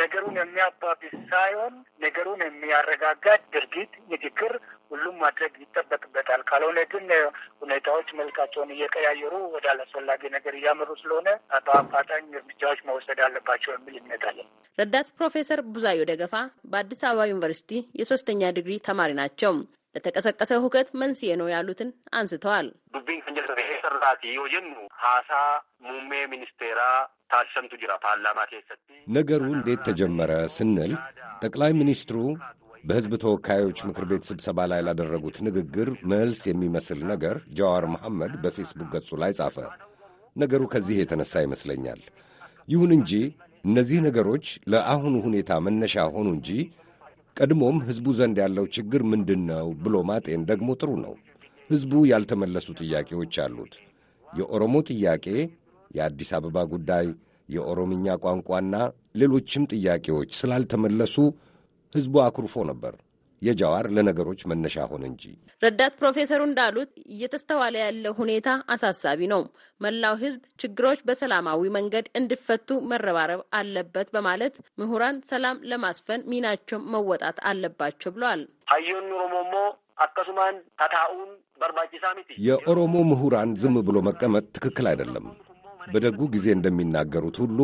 ነገሩን የሚያባብስ ሳይሆን ነገሩን የሚያረጋጋት ድርጊት፣ ንግግር ሁሉም ማድረግ ይጠበቅበታል። ካልሆነ ግን ሁኔታዎች መልካቸውን እየቀያየሩ ወደ አላስፈላጊ ነገር እያመሩ ስለሆነ በአፋጣኝ እርምጃዎች መውሰድ አለባቸው የሚል እምነት አለን። ረዳት ፕሮፌሰር ቡዛዮ ደገፋ በአዲስ አበባ ዩኒቨርሲቲ የሶስተኛ ዲግሪ ተማሪ ናቸው። ለተቀሰቀሰው ሁከት መንስኤ ነው ያሉትን አንስተዋል። ነገሩ እንዴት ተጀመረ ስንል ጠቅላይ ሚኒስትሩ በሕዝብ ተወካዮች ምክር ቤት ስብሰባ ላይ ላደረጉት ንግግር መልስ የሚመስል ነገር ጃዋር መሐመድ በፌስቡክ ገጹ ላይ ጻፈ። ነገሩ ከዚህ የተነሳ ይመስለኛል። ይሁን እንጂ እነዚህ ነገሮች ለአሁኑ ሁኔታ መነሻ ሆኑ እንጂ ቀድሞም ሕዝቡ ዘንድ ያለው ችግር ምንድን ነው ብሎ ማጤን ደግሞ ጥሩ ነው። ሕዝቡ ያልተመለሱ ጥያቄዎች አሉት። የኦሮሞ ጥያቄ፣ የአዲስ አበባ ጉዳይ፣ የኦሮምኛ ቋንቋና ሌሎችም ጥያቄዎች ስላልተመለሱ ሕዝቡ አኩርፎ ነበር። የጃዋር ለነገሮች መነሻ ሆነ እንጂ። ረዳት ፕሮፌሰሩ እንዳሉት እየተስተዋለ ያለው ሁኔታ አሳሳቢ ነው። መላው ሕዝብ ችግሮች በሰላማዊ መንገድ እንዲፈቱ መረባረብ አለበት በማለት ምሁራን ሰላም ለማስፈን ሚናቸው መወጣት አለባቸው ብለዋል። ሀየኑ ሮሞሞ አከሱማን ታታኡን በርባቺሳ ሚቲ የኦሮሞ ምሁራን ዝም ብሎ መቀመጥ ትክክል አይደለም። በደጉ ጊዜ እንደሚናገሩት ሁሉ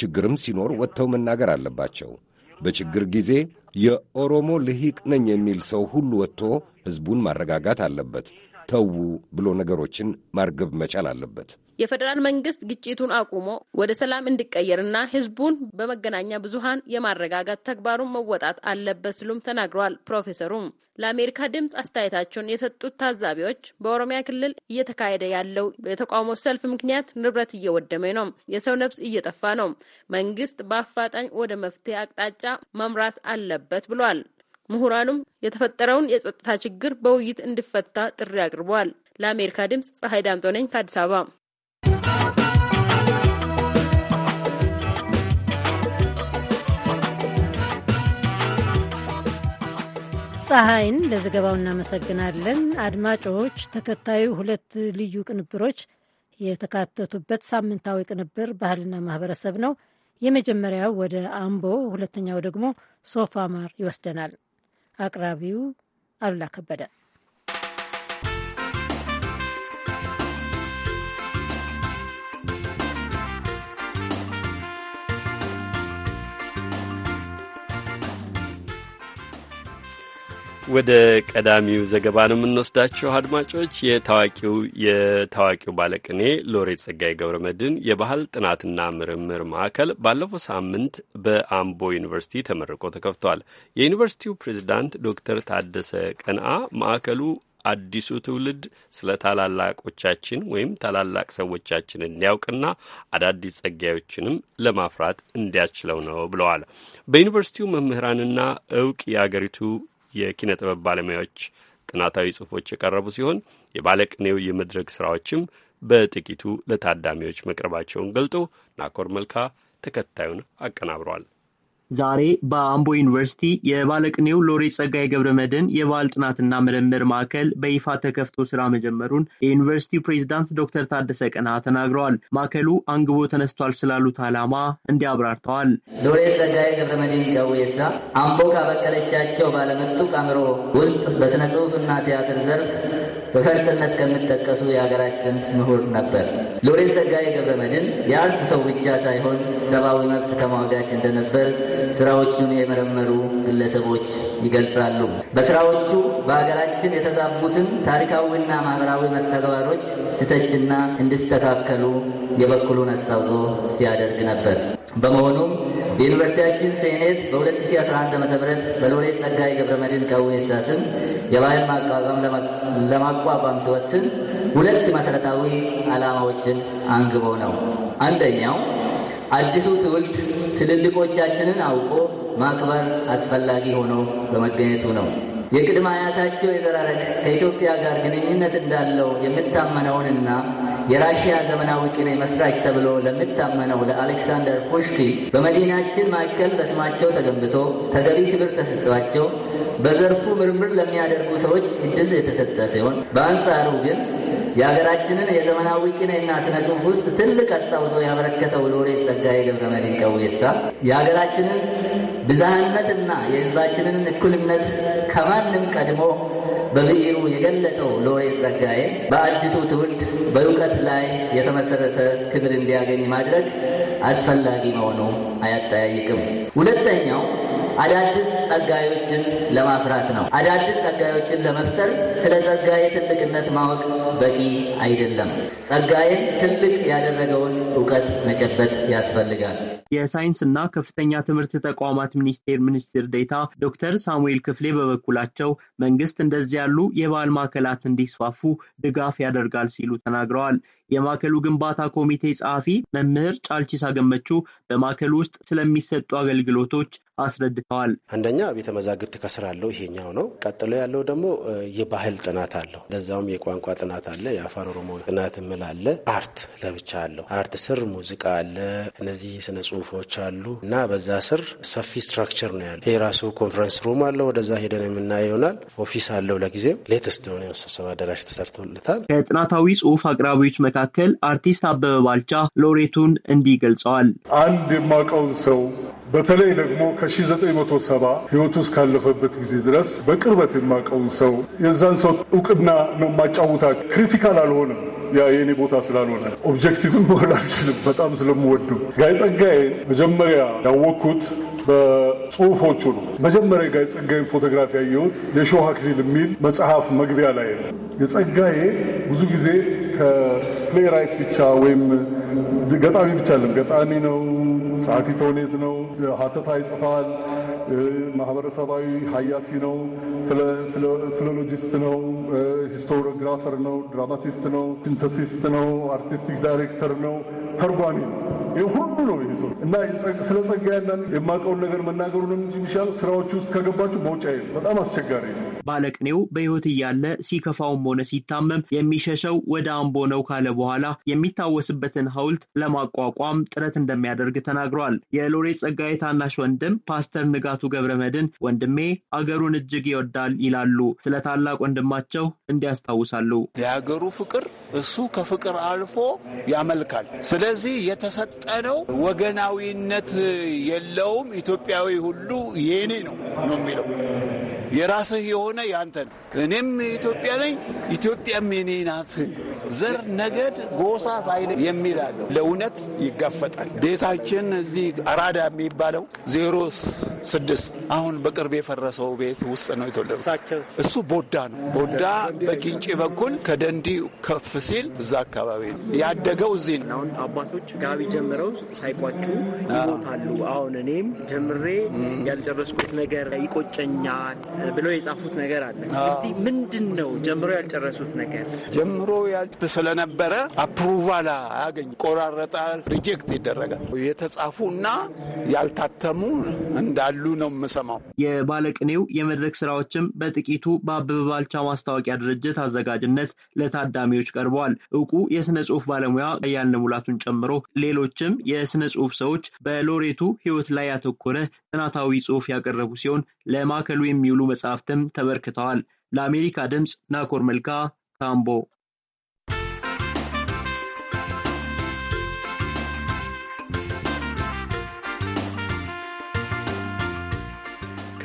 ችግርም ሲኖር ወጥተው መናገር አለባቸው። በችግር ጊዜ የኦሮሞ ልሂቅ ነኝ የሚል ሰው ሁሉ ወጥቶ ሕዝቡን ማረጋጋት አለበት። ተዉ ብሎ ነገሮችን ማርገብ መቻል አለበት። የፌዴራል መንግስት ግጭቱን አቁሞ ወደ ሰላም እንዲቀየርና ህዝቡን በመገናኛ ብዙሀን የማረጋጋት ተግባሩን መወጣት አለበት ሲሉም ተናግረዋል። ፕሮፌሰሩም ለአሜሪካ ድምፅ አስተያየታቸውን የሰጡት ታዛቢዎች በኦሮሚያ ክልል እየተካሄደ ያለው የተቃውሞ ሰልፍ ምክንያት ንብረት እየወደመ ነው፣ የሰው ነፍስ እየጠፋ ነው። መንግስት በአፋጣኝ ወደ መፍትሄ አቅጣጫ መምራት አለበት ብሏል። ምሁራኑም የተፈጠረውን የጸጥታ ችግር በውይይት እንዲፈታ ጥሪ አቅርበዋል። ለአሜሪካ ድምፅ ፀሐይ ዳምጦ ነኝ ከአዲስ አበባ። ፀሐይን ለዘገባው እናመሰግናለን። አድማጮች፣ ተከታዩ ሁለት ልዩ ቅንብሮች የተካተቱበት ሳምንታዊ ቅንብር ባህልና ማህበረሰብ ነው። የመጀመሪያው ወደ አምቦ፣ ሁለተኛው ደግሞ ሶፋ ማር ይወስደናል። አቅራቢው አሉላ ከበደ ወደ ቀዳሚው ዘገባ ነው የምንወስዳቸው አድማጮች። የታዋቂው የታዋቂው ባለቅኔ ሎሬት ጸጋዬ ገብረ መድን የባህል ጥናትና ምርምር ማዕከል ባለፈው ሳምንት በአምቦ ዩኒቨርሲቲ ተመርቆ ተከፍቷል። የዩኒቨርሲቲው ፕሬዚዳንት ዶክተር ታደሰ ቀንአ ማዕከሉ አዲሱ ትውልድ ስለ ታላላቆቻችን ወይም ታላላቅ ሰዎቻችን እንዲያውቅና አዳዲስ ጸጋዮችንም ለማፍራት እንዲያስችለው ነው ብለዋል። በዩኒቨርሲቲው መምህራንና እውቅ የአገሪቱ የኪነ ጥበብ ባለሙያዎች ጥናታዊ ጽሁፎች የቀረቡ ሲሆን የባለቅኔው የመድረክ ስራዎችም በጥቂቱ ለታዳሚዎች መቅረባቸውን ገልጦ ናኮር መልካ ተከታዩን አቀናብሯል። ዛሬ በአምቦ ዩኒቨርሲቲ የባለቅኔው ሎሬ ጸጋዬ ገብረመድህን የባህል ጥናትና ምርምር ማዕከል በይፋ ተከፍቶ ስራ መጀመሩን የዩኒቨርሲቲው ፕሬዚዳንት ዶክተር ታደሰ ቀና ተናግረዋል። ማዕከሉ አንግቦ ተነስቷል ስላሉት ዓላማ እንዲህ አብራርተዋል። ሎሬ ጸጋዬ ገብረመድህን ዳዌሳ አምቦ ካበቀለቻቸው ባለመጡቅ አእምሮ ውስጥ በስነ ጽሁፍና ቲያትር ዘርፍ በፈርጥነት ከሚጠቀሱ የሀገራችን ምሁር ነበር። ሎሬንስ ጸጋዬ ገብረ መድን የአንድ ሰው ብቻ ሳይሆን ሰብአዊ መብት ተሟጋች እንደነበር ስራዎቹን የመረመሩ ግለሰቦች ይገልጻሉ። በስራዎቹ በሀገራችን የተዛቡትን ታሪካዊና ማህበራዊ መስተጋባሮች ስተችና እንዲስተካከሉ የበኩሉን አስተዋጽኦ ሲያደርግ ነበር። በመሆኑም የዩኒቨርሲቲያችን ሴኔት በ2011 ዓ ም በሎሬት ጸጋዬ መድን ካዌ ስታትን የባህል ማቋቋም ለማቋቋም ሲወስን ሁለት መሠረታዊ ዓላማዎችን አንግቦ ነው። አንደኛው አዲሱ ትውልድ ትልልቆቻችንን አውቆ ማክበር አስፈላጊ ሆኖ በመገኘቱ ነው። የቅድመ አያታቸው የዘራረግ ከኢትዮጵያ ጋር ግንኙነት እንዳለው የምታመነውንና የራሽያ ዘመናዊ ኪነ መስራች ተብሎ ለሚታመነው ለአሌክሳንደር ፑሽኪን በመዲናችን ማዕከል በስማቸው ተገንብቶ ተገቢ ክብር ተሰጥቷቸው በዘርፉ ምርምር ለሚያደርጉ ሰዎች እድል የተሰጠ ሲሆን በአንጻሩ ግን የሀገራችንን የዘመናዊ ኪነና ስነ ጽሁፍ ውስጥ ትልቅ አስታውሶ ያበረከተው ሎሬት ጸጋዬ ገብረመድህን ቀውሳ የሀገራችንን ብዝሃነትና የሕዝባችንን እኩልነት ከማንም ቀድሞ በብዕሩ የገለጠው ሎሬት ጸጋዬ በአዲሱ ትውልድ በእውቀት ላይ የተመሰረተ ክብር እንዲያገኝ ማድረግ አስፈላጊ መሆኑ አያጠያይቅም። ሁለተኛው አዳዲስ ጸጋዮችን ለማፍራት ነው። አዳዲስ ጸጋዮችን ለመፍጠር ስለ ጸጋዬ ትልቅነት ማወቅ በቂ አይደለም። ጸጋዬን ትልቅ ያደረገውን እውቀት መጨበጥ ያስፈልጋል። የሳይንስና ከፍተኛ ትምህርት ተቋማት ሚኒስቴር ሚኒስትር ዴታ ዶክተር ሳሙኤል ክፍሌ በበኩላቸው መንግስት እንደዚህ ያሉ የባህል ማዕከላት እንዲስፋፉ ድጋፍ ያደርጋል ሲሉ ተናግረዋል። የማዕከሉ ግንባታ ኮሚቴ ጸሐፊ መምህር ጫልቺሳ ገመቹ በማዕከሉ ውስጥ ስለሚሰጡ አገልግሎቶች አስረድተዋል። አንደኛ ቤተ መዛግብት ከስር አለው ይሄኛው ነው። ቀጥሎ ያለው ደግሞ የባህል ጥናት አለው። ለዛውም የቋንቋ ጥናት አለ፣ የአፋን ኦሮሞ ጥናት ምል አለ፣ አርት ለብቻ አለው። አርት ስር ሙዚቃ አለ፣ እነዚህ ስነ ጽሁፎች አሉ እና በዛ ስር ሰፊ ስትራክቸር ነው ያለው። ይሄ ራሱ ኮንፈረንስ ሩም አለው፣ ወደዛ ሄደን የምናየው ይሆናል። ኦፊስ አለው። ለጊዜው ሌትስት የሆነ ስብሰባ አዳራሽ ተሰርቶለታል። ከጥናታዊ ጽሁፍ አቅራቢዎች መካከል አርቲስት አበበ ባልቻ ሎሬቱን እንዲህ ገልጸዋል። አንድ የማውቀውን ሰው በተለይ ደግሞ ከ1970 ህይወቱ እስካለፈበት ጊዜ ድረስ በቅርበት የማውቀውን ሰው የዛን ሰው እውቅና ነው የማጫውታቸው። ክሪቲካል አልሆንም፣ ያ የኔ ቦታ ስላልሆነ ኦብጀክቲቭም መሆን አልችልም። በጣም ስለምወዱ ጋይ ጸጋዬ መጀመሪያ ያወቅኩት በጽሁፎቹ ነው። መጀመሪያ የጋይ ጸጋዬን ፎቶግራፊ ያየሁት የእሾህ አክሊል የሚል መጽሐፍ መግቢያ ላይ ነው። የጸጋዬ ብዙ ጊዜ ከፕሌራይት ብቻ ወይም ገጣሚ ብቻ አለም ገጣሚ ነው ጸሐፊ ተውኔት ነው፣ ሀተታ ይጽፋል፣ ማህበረሰባዊ ሀያሲ ነው፣ ፊሎሎጂስት ነው፣ ሂስቶሪዮግራፈር ነው፣ ድራማቲስት ነው፣ ሲንተሲስት ነው፣ አርቲስቲክ ዳይሬክተር ነው፣ ተርጓሚ ነው። ይህ ሁሉ ነው ይህ ሰው እና ስለ ጸጋ ያለን የማውቀውን ነገር መናገሩን እንጂ የሚሻለው ስራዎች ውስጥ ከገባችሁ መውጫ በጣም አስቸጋሪ ነው። ባለቅኔው በሕይወት እያለ ሲከፋውም ሆነ ሲታመም የሚሸሸው ወደ አምቦ ነው ካለ በኋላ የሚታወስበትን ሐውልት ለማቋቋም ጥረት እንደሚያደርግ ተናግሯል። የሎሬ ጸጋዬ ታናሽ ወንድም ፓስተር ንጋቱ ገብረመድን ወንድሜ አገሩን እጅግ ይወዳል ይላሉ። ስለ ታላቅ ወንድማቸው እንዲያስታውሳሉ የሀገሩ ፍቅር እሱ ከፍቅር አልፎ ያመልካል። ስለዚህ የተሰጠነው ወገናዊነት የለውም። ኢትዮጵያዊ ሁሉ የኔ ነው ነው የሚለው የራስህ የሆነ ያንተ ነው። እኔም ኢትዮጵያ ነኝ፣ ኢትዮጵያም የኔ ናት። ዘር፣ ነገድ፣ ጎሳ ሳይል የሚላለው ለእውነት ይጋፈጣል። ቤታችን እዚህ አራዳ የሚባለው ዜሮ ስድስት አሁን በቅርብ የፈረሰው ቤት ውስጥ ነው የተወለዱ። እሱ ቦዳ ነው። ቦዳ በጊንጪ በኩል ከደንዲ ከፍ ሲል እዛ አካባቢ ያደገው። እዚህ ነው አሁን አባቶች ጋቢ ጀምረው ሳይቋጩ ይሞታሉ። አሁን እኔም ጀምሬ ያልጨረስኩት ነገር ይቆጨኛል ብለው የጻፉት ነገር አለ። እስቲ ምንድን ነው ጀምሮ ያልጨረሱት ነገር? ጀምሮ ስለነበረ አፕሩቫል አያገኝ፣ ቆራረጣል፣ ሪጀክት ይደረጋል። የተጻፉ እና ያልታተሙ እንዳሉ ነው የምሰማው። የባለቅኔው የመድረክ ስራዎችም በጥቂቱ በአበበ ባልቻ ማስታወቂያ ድርጅት አዘጋጅነት ለታዳሚዎች ቀርቧል። ቀርበዋል። እውቁ የስነ ጽሁፍ ባለሙያ ያልነ ሙላቱን ጨምሮ ሌሎችም የስነ ጽሁፍ ሰዎች በሎሬቱ ህይወት ላይ ያተኮረ ጥናታዊ ጽሁፍ ያቀረቡ ሲሆን ለማዕከሉ የሚውሉ መጽሐፍትም ተበርክተዋል። ለአሜሪካ ድምፅ ናኮር መልካ ካምቦ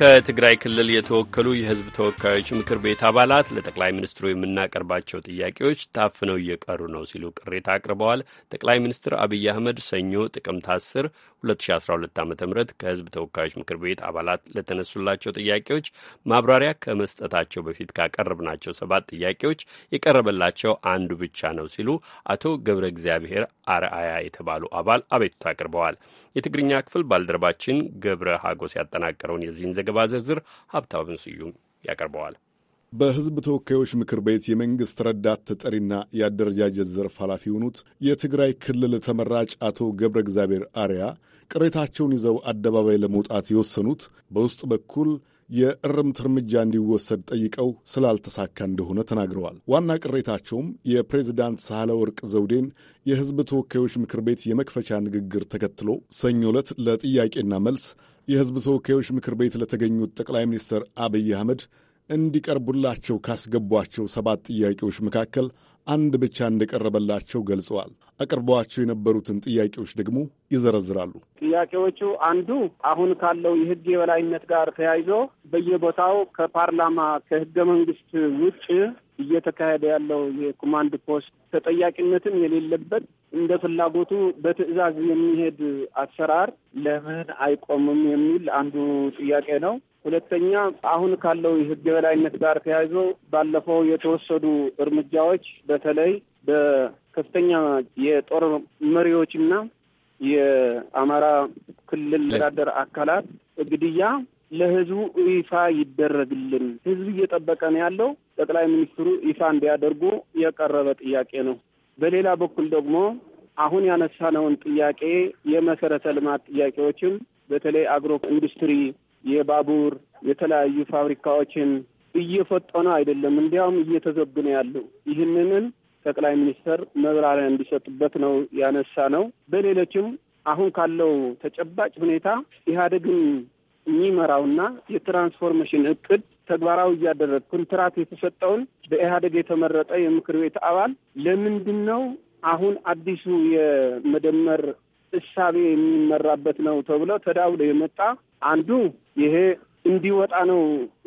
ከትግራይ ክልል የተወከሉ የህዝብ ተወካዮች ምክር ቤት አባላት ለጠቅላይ ሚኒስትሩ የምናቀርባቸው ጥያቄዎች ታፍነው እየቀሩ ነው ሲሉ ቅሬታ አቅርበዋል። ጠቅላይ ሚኒስትር አብይ አህመድ ሰኞ ጥቅምት 2012 ዓ ም ከህዝብ ተወካዮች ምክር ቤት አባላት ለተነሱላቸው ጥያቄዎች ማብራሪያ ከመስጠታቸው በፊት ካቀረብናቸው ሰባት ጥያቄዎች የቀረበላቸው አንዱ ብቻ ነው ሲሉ አቶ ገብረ እግዚአብሔር አርአያ የተባሉ አባል አቤቱታ አቅርበዋል። የትግርኛ ክፍል ባልደረባችን ገብረ ሀጎስ ያጠናቀረውን የዚህን ዘገባ ዝርዝር ሀብታብን ስዩም ያቀርበዋል። በህዝብ ተወካዮች ምክር ቤት የመንግሥት ረዳት ተጠሪና የአደረጃጀት ዘርፍ ኃላፊ የሆኑት የትግራይ ክልል ተመራጭ አቶ ገብረ እግዚአብሔር አርያ ቅሬታቸውን ይዘው አደባባይ ለመውጣት የወሰኑት በውስጥ በኩል የእርምት እርምጃ እንዲወሰድ ጠይቀው ስላልተሳካ እንደሆነ ተናግረዋል። ዋና ቅሬታቸውም የፕሬዚዳንት ሳህለ ወርቅ ዘውዴን የህዝብ ተወካዮች ምክር ቤት የመክፈቻ ንግግር ተከትሎ ሰኞ ዕለት ለጥያቄና መልስ የህዝብ ተወካዮች ምክር ቤት ለተገኙት ጠቅላይ ሚኒስትር አብይ አህመድ እንዲቀርቡላቸው ካስገቧቸው ሰባት ጥያቄዎች መካከል አንድ ብቻ እንደቀረበላቸው ገልጸዋል። አቅርበዋቸው የነበሩትን ጥያቄዎች ደግሞ ይዘረዝራሉ። ጥያቄዎቹ አንዱ አሁን ካለው የሕግ የበላይነት ጋር ተያይዞ በየቦታው ከፓርላማ ከሕገ መንግስት ውጭ እየተካሄደ ያለው የኮማንድ ፖስት ተጠያቂነትም የሌለበት እንደ ፍላጎቱ በትዕዛዝ የሚሄድ አሰራር ለምን አይቆምም የሚል አንዱ ጥያቄ ነው። ሁለተኛ አሁን ካለው የህግ የበላይነት ጋር ተያይዞ ባለፈው የተወሰዱ እርምጃዎች በተለይ በከፍተኛ የጦር መሪዎችና የአማራ ክልል አስተዳደር አካላት ግድያ ለህዝቡ ይፋ ይደረግልን። ህዝብ እየጠበቀ ነው ያለው። ጠቅላይ ሚኒስትሩ ይፋ እንዲያደርጉ የቀረበ ጥያቄ ነው። በሌላ በኩል ደግሞ አሁን ያነሳነውን ጥያቄ የመሰረተ ልማት ጥያቄዎችም በተለይ አግሮ ኢንዱስትሪ የባቡር የተለያዩ ፋብሪካዎችን እየፈጠኑ አይደለም፣ እንዲያውም እየተዘጉ ነው ያለው። ይህንንን ጠቅላይ ሚኒስተር መብራሪያ እንዲሰጡበት ነው ያነሳ ነው። በሌሎችም አሁን ካለው ተጨባጭ ሁኔታ ኢህአዴግን የሚመራውና የትራንስፎርሜሽን እቅድ ተግባራዊ እያደረገ ኮንትራት የተሰጠውን በኢህአዴግ የተመረጠ የምክር ቤት አባል ለምንድን ነው አሁን አዲሱ የመደመር እሳቤ የሚመራበት ነው ተብሎ ተዳውሎ የመጣ አንዱ ይሄ እንዲወጣ ነው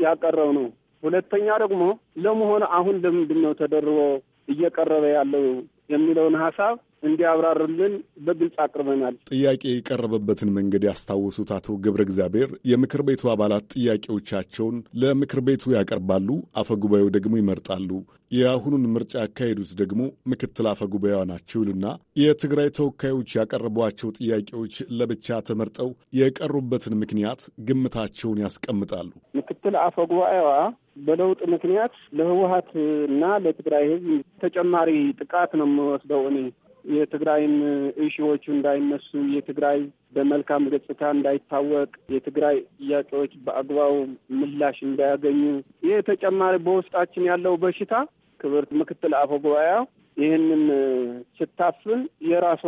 ያቀረው ነው። ሁለተኛ ደግሞ ለመሆኑ አሁን ለምንድን ነው ተደርቦ እየቀረበ ያለው የሚለውን ሀሳብ እንዲያብራርልን በግልጽ አቅርበናል። ጥያቄ የቀረበበትን መንገድ ያስታወሱት አቶ ገብረ እግዚአብሔር የምክር ቤቱ አባላት ጥያቄዎቻቸውን ለምክር ቤቱ ያቀርባሉ፣ አፈ ጉባኤው ደግሞ ይመርጣሉ። የአሁኑን ምርጫ ያካሄዱት ደግሞ ምክትል አፈ ጉባኤዋ ናቸው ይሉና የትግራይ ተወካዮች ያቀረቧቸው ጥያቄዎች ለብቻ ተመርጠው የቀሩበትን ምክንያት ግምታቸውን ያስቀምጣሉ። ምክትል አፈ ጉባኤዋ በለውጥ ምክንያት ለህወሀትና ለትግራይ ህዝብ ተጨማሪ ጥቃት ነው የምወስደው እኔ የትግራይም እሺዎቹ እንዳይነሱ የትግራይ በመልካም ገጽታ እንዳይታወቅ የትግራይ ጥያቄዎች በአግባቡ ምላሽ እንዳያገኙ ይህ ተጨማሪ በውስጣችን ያለው በሽታ ክብርት ምክትል አፈ ጉባኤ ይህንን ስታፍን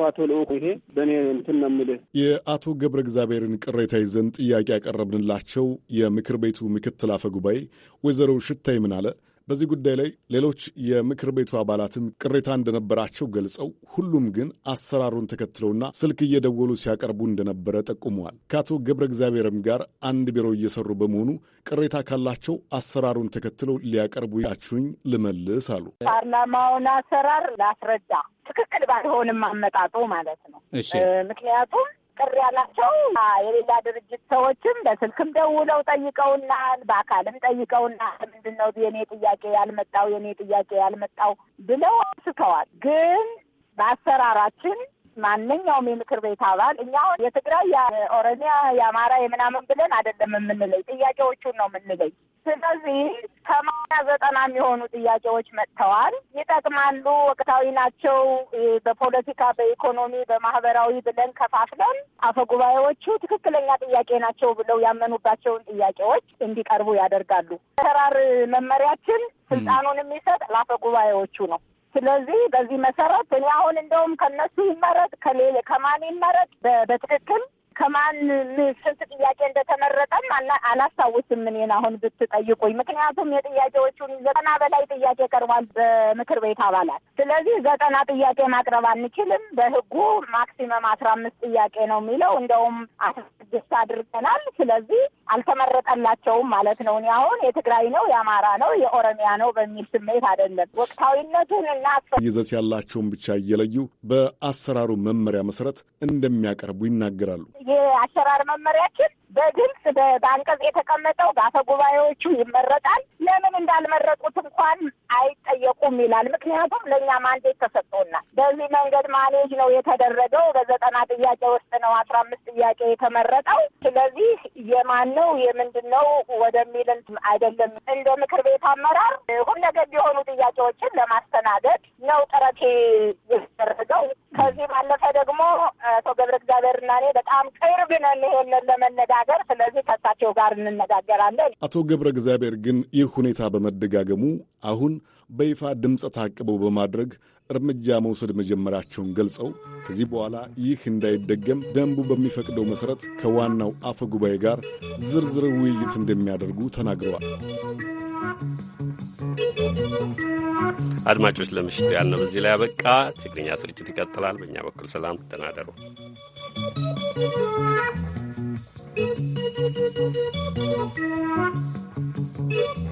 አቶ ልዑክ ይሄ በእኔ እንትን ነው የምልህ። የአቶ ገብረ እግዚአብሔርን ቅሬታ ይዘን ጥያቄ ያቀረብንላቸው የምክር ቤቱ ምክትል አፈ ጉባኤ ወይዘሮ ሽታይ ምን አለ በዚህ ጉዳይ ላይ ሌሎች የምክር ቤቱ አባላትም ቅሬታ እንደነበራቸው ገልጸው ሁሉም ግን አሰራሩን ተከትለውና ስልክ እየደወሉ ሲያቀርቡ እንደነበረ ጠቁመዋል። ከአቶ ገብረ እግዚአብሔርም ጋር አንድ ቢሮ እየሰሩ በመሆኑ ቅሬታ ካላቸው አሰራሩን ተከትለው ሊያቀርቡ ያችሁኝ ልመልስ አሉ። ፓርላማውን አሰራር ላስረዳ ትክክል ባልሆንም አመጣጡ ማለት ነው። ምክንያቱም ቅር ያላቸው የሌላ ድርጅት ሰዎችም በስልክም ደውለው ጠይቀውናል፣ በአካልም ጠይቀውናል። ምንድን ነው የኔ ጥያቄ ያልመጣው የኔ ጥያቄ ያልመጣው ብለው አንስተዋል። ግን በአሰራራችን ማንኛውም የምክር ቤት አባል እኛ አሁን የትግራይ፣ የኦሮሚያ፣ የአማራ የምናምን ብለን አይደለም የምንለይ፣ ጥያቄዎቹን ነው የምንለይ። ስለዚህ ከማያ ዘጠና የሚሆኑ ጥያቄዎች መጥተዋል። ይጠቅማሉ፣ ወቅታዊ ናቸው፣ በፖለቲካ በኢኮኖሚ፣ በማህበራዊ ብለን ከፋፍለን አፈጉባኤዎቹ ትክክለኛ ጥያቄ ናቸው ብለው ያመኑባቸውን ጥያቄዎች እንዲቀርቡ ያደርጋሉ። ተራር መመሪያችን ስልጣኑን የሚሰጥ ለአፈጉባኤዎቹ ነው። ስለዚህ በዚህ መሰረት እኔ አሁን እንደውም ከነሱ ይመረጥ ከሌለ ከማን ይመረጥ በትክክል ከማን ስንት ጥያቄ እንደተመረጠም አላስታውስም እኔን አሁን ብትጠይቁኝ። ምክንያቱም የጥያቄዎቹን ዘጠና በላይ ጥያቄ ቀርቧል በምክር ቤት አባላት። ስለዚህ ዘጠና ጥያቄ ማቅረብ አንችልም። በህጉ ማክሲመም አስራ አምስት ጥያቄ ነው የሚለው። እንደውም አስራ ስድስት አድርገናል። ስለዚህ አልተመረጠላቸውም ማለት ነው። እኔ አሁን የትግራይ ነው የአማራ ነው የኦሮሚያ ነው በሚል ስሜት አይደለም ወቅታዊነቱን እና ይዘት ያላቸውን ብቻ እየለዩ በአሰራሩ መመሪያ መሰረት እንደሚያቀርቡ ይናገራሉ። የአሰራር መመሪያችን በግልጽ በአንቀጽ የተቀመጠው በአፈ ጉባኤዎቹ ይመረጣል። ለምን እንዳልመረጡት እንኳን አይጠየቁም ይላል። ምክንያቱም ለእኛ ማንዴት ተሰጥቶናል። በዚህ መንገድ ማኔጅ ነው የተደረገው። በዘጠና ጥያቄ ውስጥ ነው አስራ አምስት ጥያቄ የተመረጠው። ስለዚህ የማን ነው የምንድን ነው ወደሚል አይደለም። እንደ ምክር ቤት አመራር ሁለገብ የሆኑ ጥያቄዎችን ለማስተናገድ ነው ጥረቴ የተደረገው። ከዚህ ባለፈ ደግሞ አቶ ገብረ እግዚአብሔርና እኔ በጣም ቅርብ ነን ይሄንን ለመነዳ ሀገር። ስለዚህ ከሳቸው ጋር እንነጋገራለን። አቶ ገብረ እግዚአብሔር ግን ይህ ሁኔታ በመደጋገሙ አሁን በይፋ ድምፅ ታቅበው በማድረግ እርምጃ መውሰድ መጀመራቸውን ገልጸው ከዚህ በኋላ ይህ እንዳይደገም ደንቡ በሚፈቅደው መሠረት ከዋናው አፈ ጉባኤ ጋር ዝርዝር ውይይት እንደሚያደርጉ ተናግረዋል። አድማጮች፣ ለምሽቱ ያልነው በዚህ ላይ አበቃ። ትግርኛ ስርጭት ይቀጥላል። በእኛ በኩል ሰላም፣ ደህና እደሩ። Thank you.